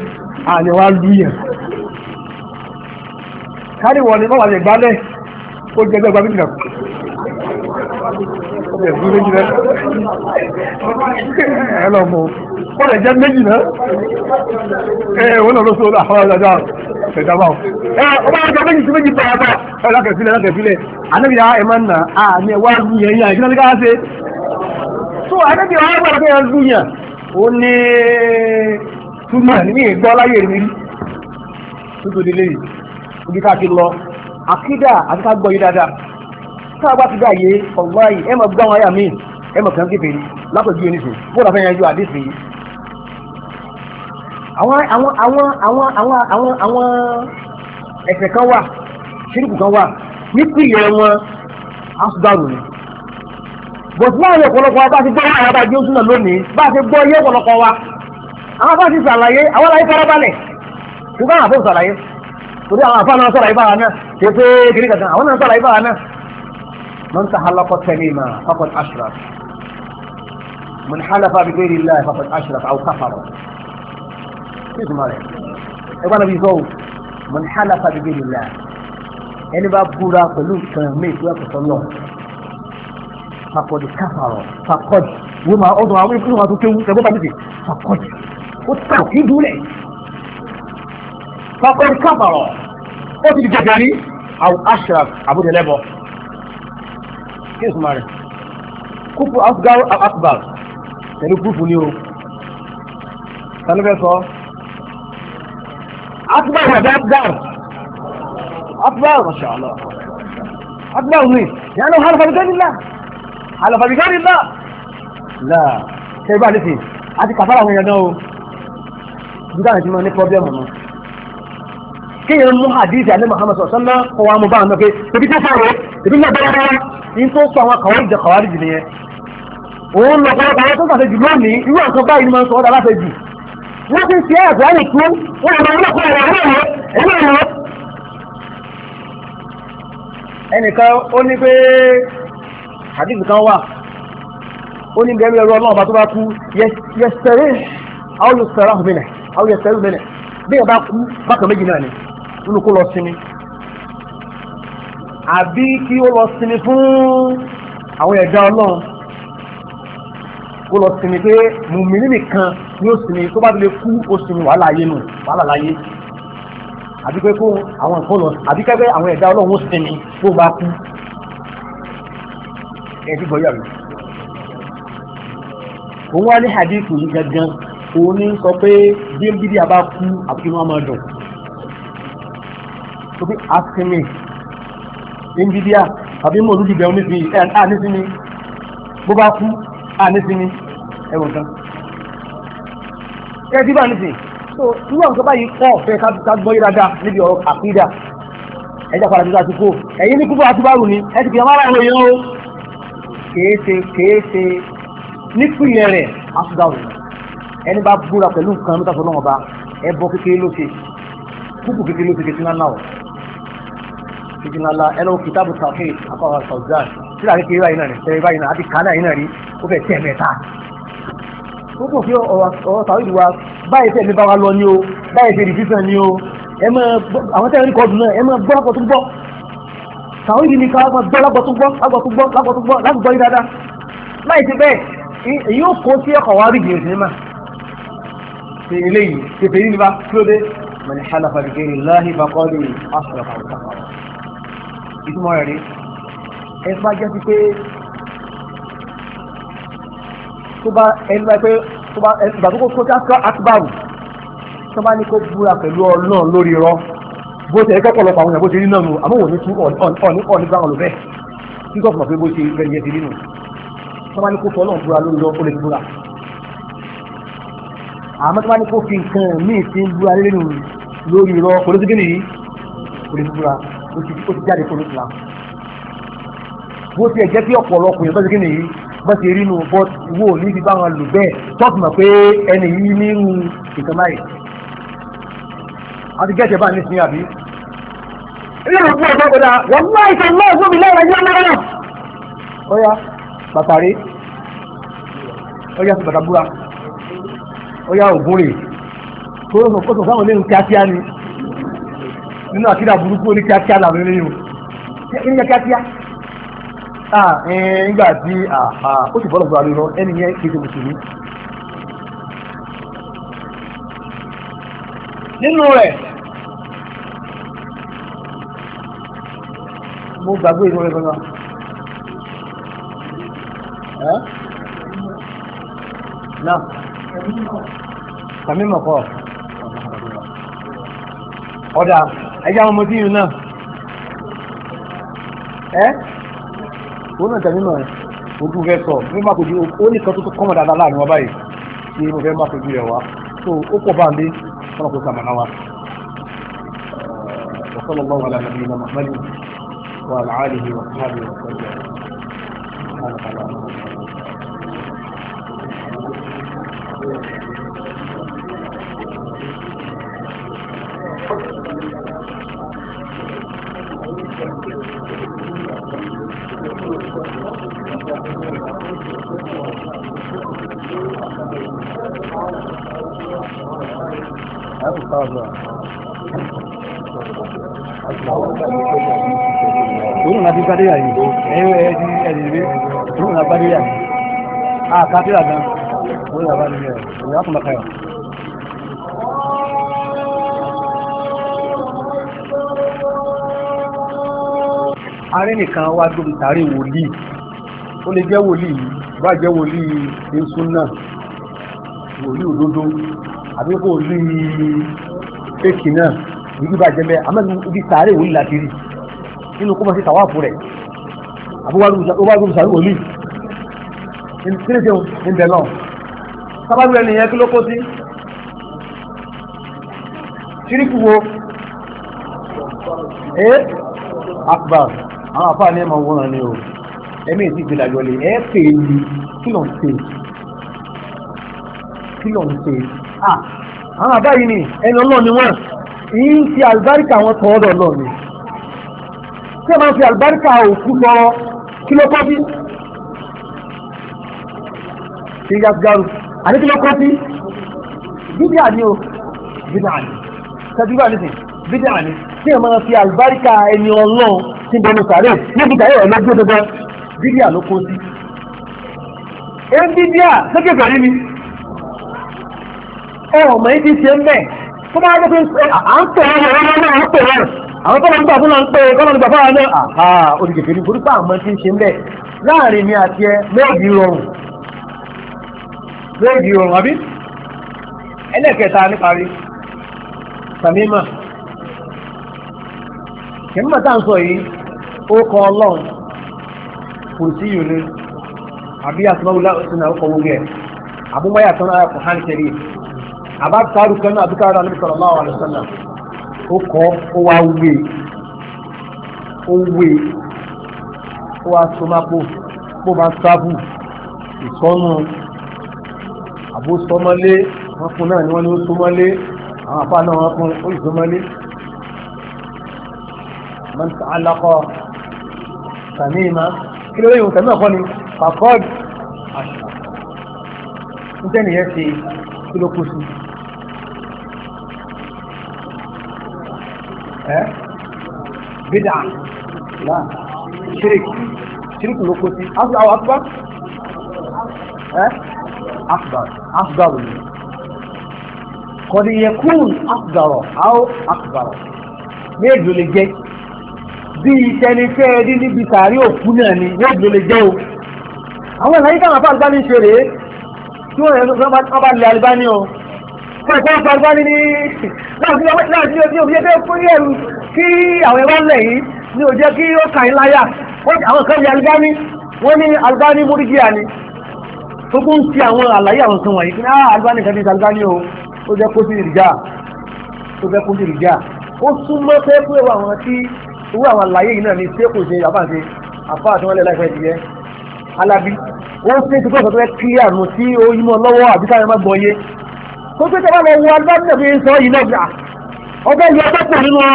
àníwá lúyàn káríwọ̀ ni mọ́wàá lè gbálẹ̀ ó jẹ́ ẹgbẹ́ gbàmí jìnà ó lè dúró méjì náà ẹ lọ mọ ó lè jẹ́ méjì náà ẹ ò lọ lóṣù àwọn ọ̀dàdà ẹ̀dá bá ọ ọ bá ọjọ́ méjì sí méjì pàápàá ẹ lọ́kẹ̀sílẹ̀ lọ́kẹ̀sílẹ̀ anẹ́bí ni ẹ máa ń nà á ní ẹwà lúyàn yíyan ìkíni so àdébí ọ̀rọ̀ gbọ́dọ̀ pé ẹ̀rọ dúnyàn ó ní túmọ̀ ní ìgbọ́ láyé mi rí tuntun nílé yìí ibi ká ti lọ àkídà àti ká gbọ́ yìí dáadáa tá a bá ti dáàyè ọ̀gbọ́n yìí ẹ mọ̀ gbọ́ àwọn àyà míì ẹ mọ̀ kàn kébèrè lápẹ̀jú oníṣòwò bóòlù àfẹ́yàn yóò àdéṣe yìí àwọn àwọn àwọn àwọn àwọn àwọn àwọn ẹ̀sẹ̀ kan wà ṣírùkù kan wà nípìnlẹ̀ wọn asùgbàrò ni bọ̀tí láàrin ọ̀pọ̀lọpọ̀ wa bá ti gbọ́ àwọn àbá jẹ́ òṣùnà lónìí bá ti gbọ́ iye ọ̀pọ̀lọpọ̀ wa àwọn bá ti sàlàyé àwọn àlàyé farabalẹ̀ kí bá àfọ̀ sàlàyé torí àwọn àfọ̀ náà sọ̀rọ̀ ìbára náà ṣe pé kiri kankan àwọn náà sọ̀rọ̀ ìbára náà man tahallaqa kalima faqad ashraf man halafa bi ghayri Allah faqad ashraf aw kafara kí ni sùnmọ́ rẹ̀ ẹgbẹ́ bí sọ́wọ́ man halafa bi ghayri Allah ẹni bá búra pẹ̀lú kan mí ìtura pẹ̀tọ́ náà fàkọ̀dì káfàrọ̀ fàkọ̀dì wọ́n máa ọdún àwọn ìfúnni wọn tó kéwú ẹgbẹ́ bá tètè fàkọ̀dì ó tà sí dúlẹ̀ fàkọ̀dì káfàrọ̀ ó ti di gàgàrí àwọn ashraf abúdẹ̀lẹ́bọ̀ kí n sùn máa rẹ̀ kúfù asgar akbar pẹ̀lú kúfù ni o tani bẹ sọ akbar àbẹ akbar akbar masha allah akbar ni yàrá hàlùfàlù gẹ́gẹ́ nílá àlọ́fàbíkárì náà láà kẹrìbá ní ti àti kàfàrà àwọn èèyàn náà o nígbà tí mo ní pọ́blẹ́mù mọ́ kéèyàn mú hadith alẹ́ muhammad sọ̀sán náà kọ́ bá wọn pé tèmi tó sọ̀rọ̀ tèmi náà bẹ́rẹ̀ bẹ́rẹ̀ ní tó sọ àwọn kàwárí jẹ kàwárí jù nìyẹn òun lọ kọ́ àwọn tó sàṣẹ jù lónìí irú àǹkan báyìí ni mo sọ ọ́ dára jù wọ́n ti ń ṣe ẹ̀kọ́ àyè tó wọ́n lọ hadith kan wà ó ní bẹ́ẹ̀ ẹrú ọlọ́run bá tó bá kú yẹsẹ̀rẹ́ àwọn yẹsẹ̀rẹ́ àwọn mẹ́nẹ̀ àwọn yẹsẹ̀rẹ́ mẹ́nẹ̀ bí ẹ bá kú bákan méjì náà ni nínú kó lọ sinmi àbí kí ó lọ sinmi fún àwọn ẹ̀dá ọlọ́run kó lọ sinmi pé mùmíní nìkan ni ó sinmi tó bá ti lè kú ó sinmi wàhálà ayé nù wàhálà láyé àbí pé kó àwọn nǹkan lọ àbí kẹ́kẹ́ àwọn ẹ̀dá ọlọ́run ó sinmi tó bá kú ẹ̀ ti gbọ́yà mi. òun wá ní hadith yìí gangan òun ní sọ pé bí bíbí àbá kú àbúkí máa máa dùn tó bí asinmi ní bíbí à àbí mo lùdì bẹ̀rù nísìnyí ẹ̀ á nísìnyí bó bá kú á nísìnyí ẹ̀wọ̀n kan. ẹ ti bá nísìnyí so irú yìí kọ́ ọ̀fẹ́ ká gbọ́ yí dáadáa níbi ọ̀rọ̀ àkídà ẹ̀jẹ̀ padà tó ti kó ẹ̀yin ní kúkú àtúbárù ni ẹ̀ ti fi àwọn aráàlú yẹn o kèése kèése nípìnlẹ̀ rẹ̀ asúdáwò ẹni bá búra pẹ̀lú nǹkan mẹ́ta fọlọ́wọ́n ọba ẹbọ kékeré ló ṣe kúkú kékeré ló ṣe kékeré ńlá o kékeré ńlá ẹ lọ́wọ́ kìtàbù tàfé àkọ́wà sọ̀dán síra kékeré báyìí náà rẹ̀ tẹ̀lé báyìí náà àti kánà yìí náà rí ó fẹ́ tẹ̀ mẹ́ta ó kò fi ọ̀rọ̀ sàwọn ìlú wa báyìí tẹ̀lé bá wa lọ ní o báyìí tẹ̀lé fífẹ́ ní o ẹ máa àwọn tẹ̀lé kọ́ọ̀dù náà ẹ máa gbọ́ sàwọn ìdí ni ká wọ́n gbọ́ lágbọ̀túgbọ́ lágbọ̀túgbọ́ lágbọ̀túgbọ́ lágbọ̀gbọ́ yìí dáadáa láì ti bẹ́ẹ̀ èyí ò kó sí ẹ̀kọ́ wa rí jìnnà sinimá ṣe eléyìí ṣe fèyí ni bá kí ló dé mọ̀ní halafa bi gẹ́rì láhi bakọ́lì asọ̀rọ̀fà òkàkọ́ ìtumọ̀ rẹ̀ rí ẹ bá jẹ́ sí pé tó bá ẹni bá pé tó bá ẹni bá tó kó sí akíbàrù tó bá ní kó búra pẹ̀lú ọlọ́run lórí rọ́ọ̀ bó ṣe ẹgbẹ́ pọ̀lọpọ̀ àwọn ìyàbó ṣe rí náà nù àmúwò ní tún ọ̀ní bá ọ̀lọ́bẹ̀ tí gọ́ọ̀fù pé bó ṣe rẹ̀ yẹn ti rí nù tó bá ní kó fọlọ́n búra lórí lọ kó lè búra àmọ́ tó bá ní kó fi nǹkan míì ti ń búra lórí lórí lọ kó ló ti gbé nìyí kó lè búra ó ti jáde kó ló ti la bó ti ẹ̀jẹ̀ pé ọ̀pọ̀lọpọ̀ yẹn bá ti gbé nìyí bá ti rí nù bọ́ wò ní ti bá wọn lò bẹ́ẹ̀ tọ́pù mọ̀ pé ẹni yìí ní irú ìkan báyìí àti gẹ́gẹ́ bá ní sin àbí nínú ìbú ẹ̀gbọ́n kò dáa wọ́n máa ìfẹ́ mọ́ ẹ̀gbọ́n mi lẹ́yìn ẹ̀yọ́ náà náà. ó yá bàtà rí ó yá bàtà búra ó yá ògùn rè kó o sọ fáwọn olóyún kíákíá ni nínú àkídà burúkú ní kíákíá làwọn olóyún ní kíákíá nígbà tí ó sì fọlọ́ fún àlọ́ ẹni yẹn kéde mùsùlùmí. nínú rẹ̀ mo gbàgbé ìlú rẹ̀ gbọ́dọ̀. náà kàmí mọ̀kọ́ ọ̀dà ẹ̀yà ọmọ tí yìí náà ẹ́ wọ́n náà tẹ̀mí náà ojú rẹ̀ sọ ní má kojú ó nìkan tó kọ́mọ̀ dáadáa láàrin wa báyìí tí mo fẹ́ má kojú rẹ̀ wá so ó pọ̀ bá ń dé kọ́nà kó sàmàlà wa. وصلى الله على نبينا محمد وعلى آله وأصحابه وسلم gbádẹ́yà yìí ẹ̀yọ́ ẹ̀dí ẹ̀dìrí tó ń gbádẹ́yà yìí àkàtẹ́yà gan ó yà bá nílẹ̀ ìyá tó lọ́kà yà. arẹ́nìkan wá gbóbi tàrí wòlíì ó lè jẹ́ wòlíì bá jẹ́ wòlíì èso náà wòlíì òdodo àbí kò wòlíì kéèkì náà ìdí bàjẹ́ bẹ́ẹ̀ àmọ́ ibi tàrí wòlíì láti rí i nínú kó mọ̀ sí tàwáàfù rẹ̀ àbúwárù sàrí wòlí kírísìun níbẹ̀ náà sábàbí ẹni yẹn kí ló kó sí ṣíríkù wo ẹ àpà àwọn àpá ní ẹmọ wọ́n ni o ẹmí ìsì ìgbìdàjọ lè ẹ pè é ní kí ló ń ṣe kí ló ń ṣe àwọn àbá yìí ni ẹni ọlọ́ọ̀ni wọn ìyí ń ṣe àlùbáríkà wọn tọ́ ọ́dọ̀ ọlọ́ọ̀ni tí a máa fi àlùbáríkà òkú sọ̀rọ̀ kí ló kọ́ bí kí gàgàrù àti kí ló kọ́ bí bíbí àní o bíbí àní tẹ́bí bá nìsín bíbí àní tí a máa fi àlùbáríkà ẹni ọlọ́run tí bẹnu sàárè níbi tàyẹ̀ ẹ̀ lọ́jọ́ dandan bíbí àló kó sí. èyí bíbí à sókè fẹ̀rí ni ọmọ yìí ti ṣe ń bẹ̀ tó bá rẹ́ pé ń tẹ̀wọ́ rẹ̀ wọ́n náà ń tẹ̀wọ́ àwọn tó máa ń gbà fún náà ń pé kọ́nà nígbà fún àwọn náà àhà olùkèké ní burúkú àmọ́ tí ń ṣe ń bẹ̀ láàrin mi àti ẹ méjì rọrùn méjì rọrùn àbí ẹlẹ́kẹta níparí sàmímà kìmọ̀ tá à ń sọ yìí ó kọ ọlọ́run kò sí ìrìn àbí àtúnáwó sínú ọkọ̀ gbogbo ẹ̀ àbúmọ́yà tán ara kò hàn kẹrì àbá tààrù kan náà àbíkára nípa ọlọ́run àlùsọ́nà ó kọ́ ó wá wé ó wé ó wá so mápò bó bá sábù ìsọ́nù àbósọmọlé wọn fún náà ni wọn ní ó sọmọlé àwọn afá náà wọn fún ó ìsọmọlé man ta'alaqa tamima kí ló lóyún tamima kọ́ ni faqad àṣà ń tẹ́ nìyẹn ṣe sí i. ẹ́ bídà náà ṣíríkì ṣíríkì ló kó sí àwọn akbar ẹ́ akbar akbar ni kọ́ni yẹkùn akbarọ̀ àwọn akbarọ̀ méjì ló lè jẹ́ bí ìtẹnifẹ́ rí níbi tàrí òkú náà ni méjì ló lè jẹ́ o àwọn ìlànà yìí káwọn afáàlùbá ní ṣe rèé tí wọ́n yẹn lọ́ba lẹ́ àlùbá ní o ìpọ́n ìpàgbá ní ní láti ojú ojú ẹgbẹ́ fún ní ẹ̀rù kí àwọn ẹ̀rọ lẹ̀ yìí ni, ò jẹ́ kí ó kà ń láyà àwọn kan ní algani wọ́n ní algani múrígíà ni tó kún sí àwọn àlàyé àwọn kan wọ̀nyí ní algani kan ní algani o ó jẹ́ kó sí ìrìjà tó jẹ́ kó sí ìrìjà ó súnmọ́ pé pé àwọn tí owó àwọn àlàyé yìí náà ní tí kò ṣe àbáṣe àfa àti wọn lẹ láìpẹ́ ti yẹ alábí ó ṣe é ti kọ́ ọ̀sán tó fẹ́ kílíà nù tí ó yí mọ́ lọ́wọ́ àbíkáyọ̀ má gbọ́ yé tó tó tẹ́wọ́ lọ wọ agbábẹ́bí sọ yìí náà gbà ọgbẹ́ yọ ọgbẹ́pọ̀ nínú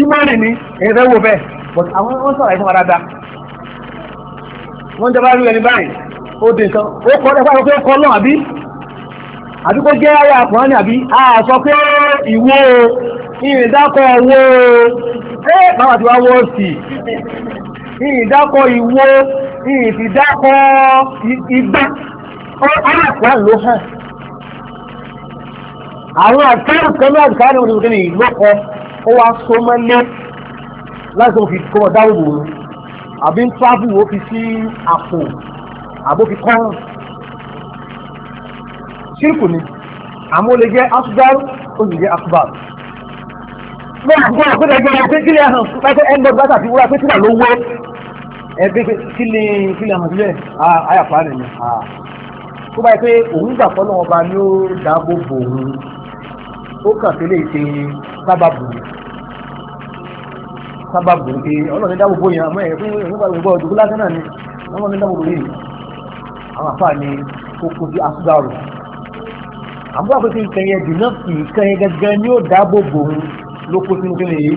ìmọ̀rin ni ẹ̀rẹ́ wo bẹ́ẹ̀ but àwọn wọ́n sọ̀rọ̀ ẹ̀fọn dáadáa wọ́n jọba rí ẹni báyìí ó dé nǹkan ó kọ́ ẹ̀fọ́ àwọn pé ó kọ́ náà àbí àbí kó jẹ́ ayé àkùnrin ní àbí a sọ pé ìwó ìrìndákọ̀ wo ẹ́ báwa ti wá wọ́ sí ìrìndákọ̀ ìwó ìrìndákọ̀ ìgbà ọ̀rọ̀ àkùnrin ló hàn àwọn àtàrà kan náà àtàrà ní òdòdó yìí lọ́kọ ó wá so mọ́lé láti fi kọ́ dáwò wò ó àbí ń tábù ó fi sí àpò àbó fi kọ́ ṣírkù ni àmọ́ ó lè jẹ́ asgar ó sì jẹ́ akbar náà gbọ́n àgbẹ̀dẹ̀ gbọ́n àgbẹ̀ kí ni ahàn pẹ́pẹ́ ẹgbẹ́ gbàtà ti wúra pé kí ni àlọ́ wẹ́ ẹgbẹ́ kí ni kí ni ahàn sílẹ̀ àyàpá nìyẹn tó báyìí pé òun gbà fọ́nà ọba ni ó dáàbò bò òun ó kàn sí lè ṣe sábàbù sábàbù pé ọlọ́run dáàbò bò yẹn àmọ́ ẹ̀ fún ìgbà gbogbo ọdún lásán náà ni ọlọ́run dáàbò bò yìí àwọn àfa ni kókó sí asúgbàrò àbúrò àpótí nǹkan yẹn dùnà sí nǹkan yẹn gẹ́gẹ́ ni ó dáàbò bò ń lóko sínú kí nìyí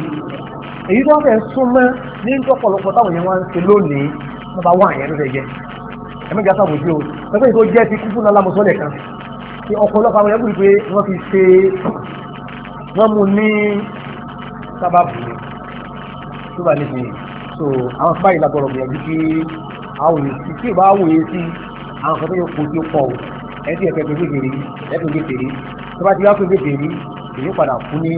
èyí tó fẹ́ súnmọ́ ní ọ̀pọ̀lọpọ̀ táwọn yẹn wọ́n ń ṣe lónìí wọ́n bá wọ́n àyẹ̀rú rẹ̀ jẹ́ ẹ̀mí gàtà bòjú o pẹ̀lú ìtò jẹ́ ti kúkú náà lámọ́sọ́lẹ̀ kan ọ̀pọ̀lọpọ̀ àwọn ẹgbẹ̀rún pé wọ́n fi ṣe wọ́n mú ní sábàbù tó bá ní so àwọn báyìí lágbọ̀rọ̀ gbìyànjú kí àwòye sí tí ìbá àwòye sí àwọn kan tó yẹ kó tí ó pọ̀ o ẹni tí ẹ̀fẹ́ tó gbé bèrè ẹ̀fẹ́ gbé bèrè tó bá ti wá pé gbé bèrè èyí padà fún ní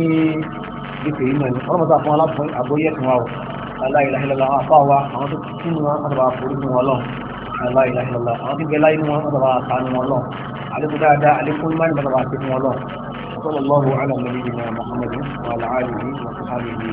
gbé bèrè náà ni ọlọ́mọdé àfọwọ́n aláfọwọ́n àgbóyè ẹ̀sìn wa o aláìláhìlá àwọn àwọn tó kí ni wọ́n á ìlàlá ìlàlá àwọn tí bẹ láyé wọn bá bàbá àtàánú wọn lọ àlékún dáadáa àlékún ìmáàlì bá bàbá àtàánú wọn lọ sọlọ lọrùn alàmọlẹ ìgbìmọ̀ Muhammadu wàhálà àlùyé wàhálà àlùyé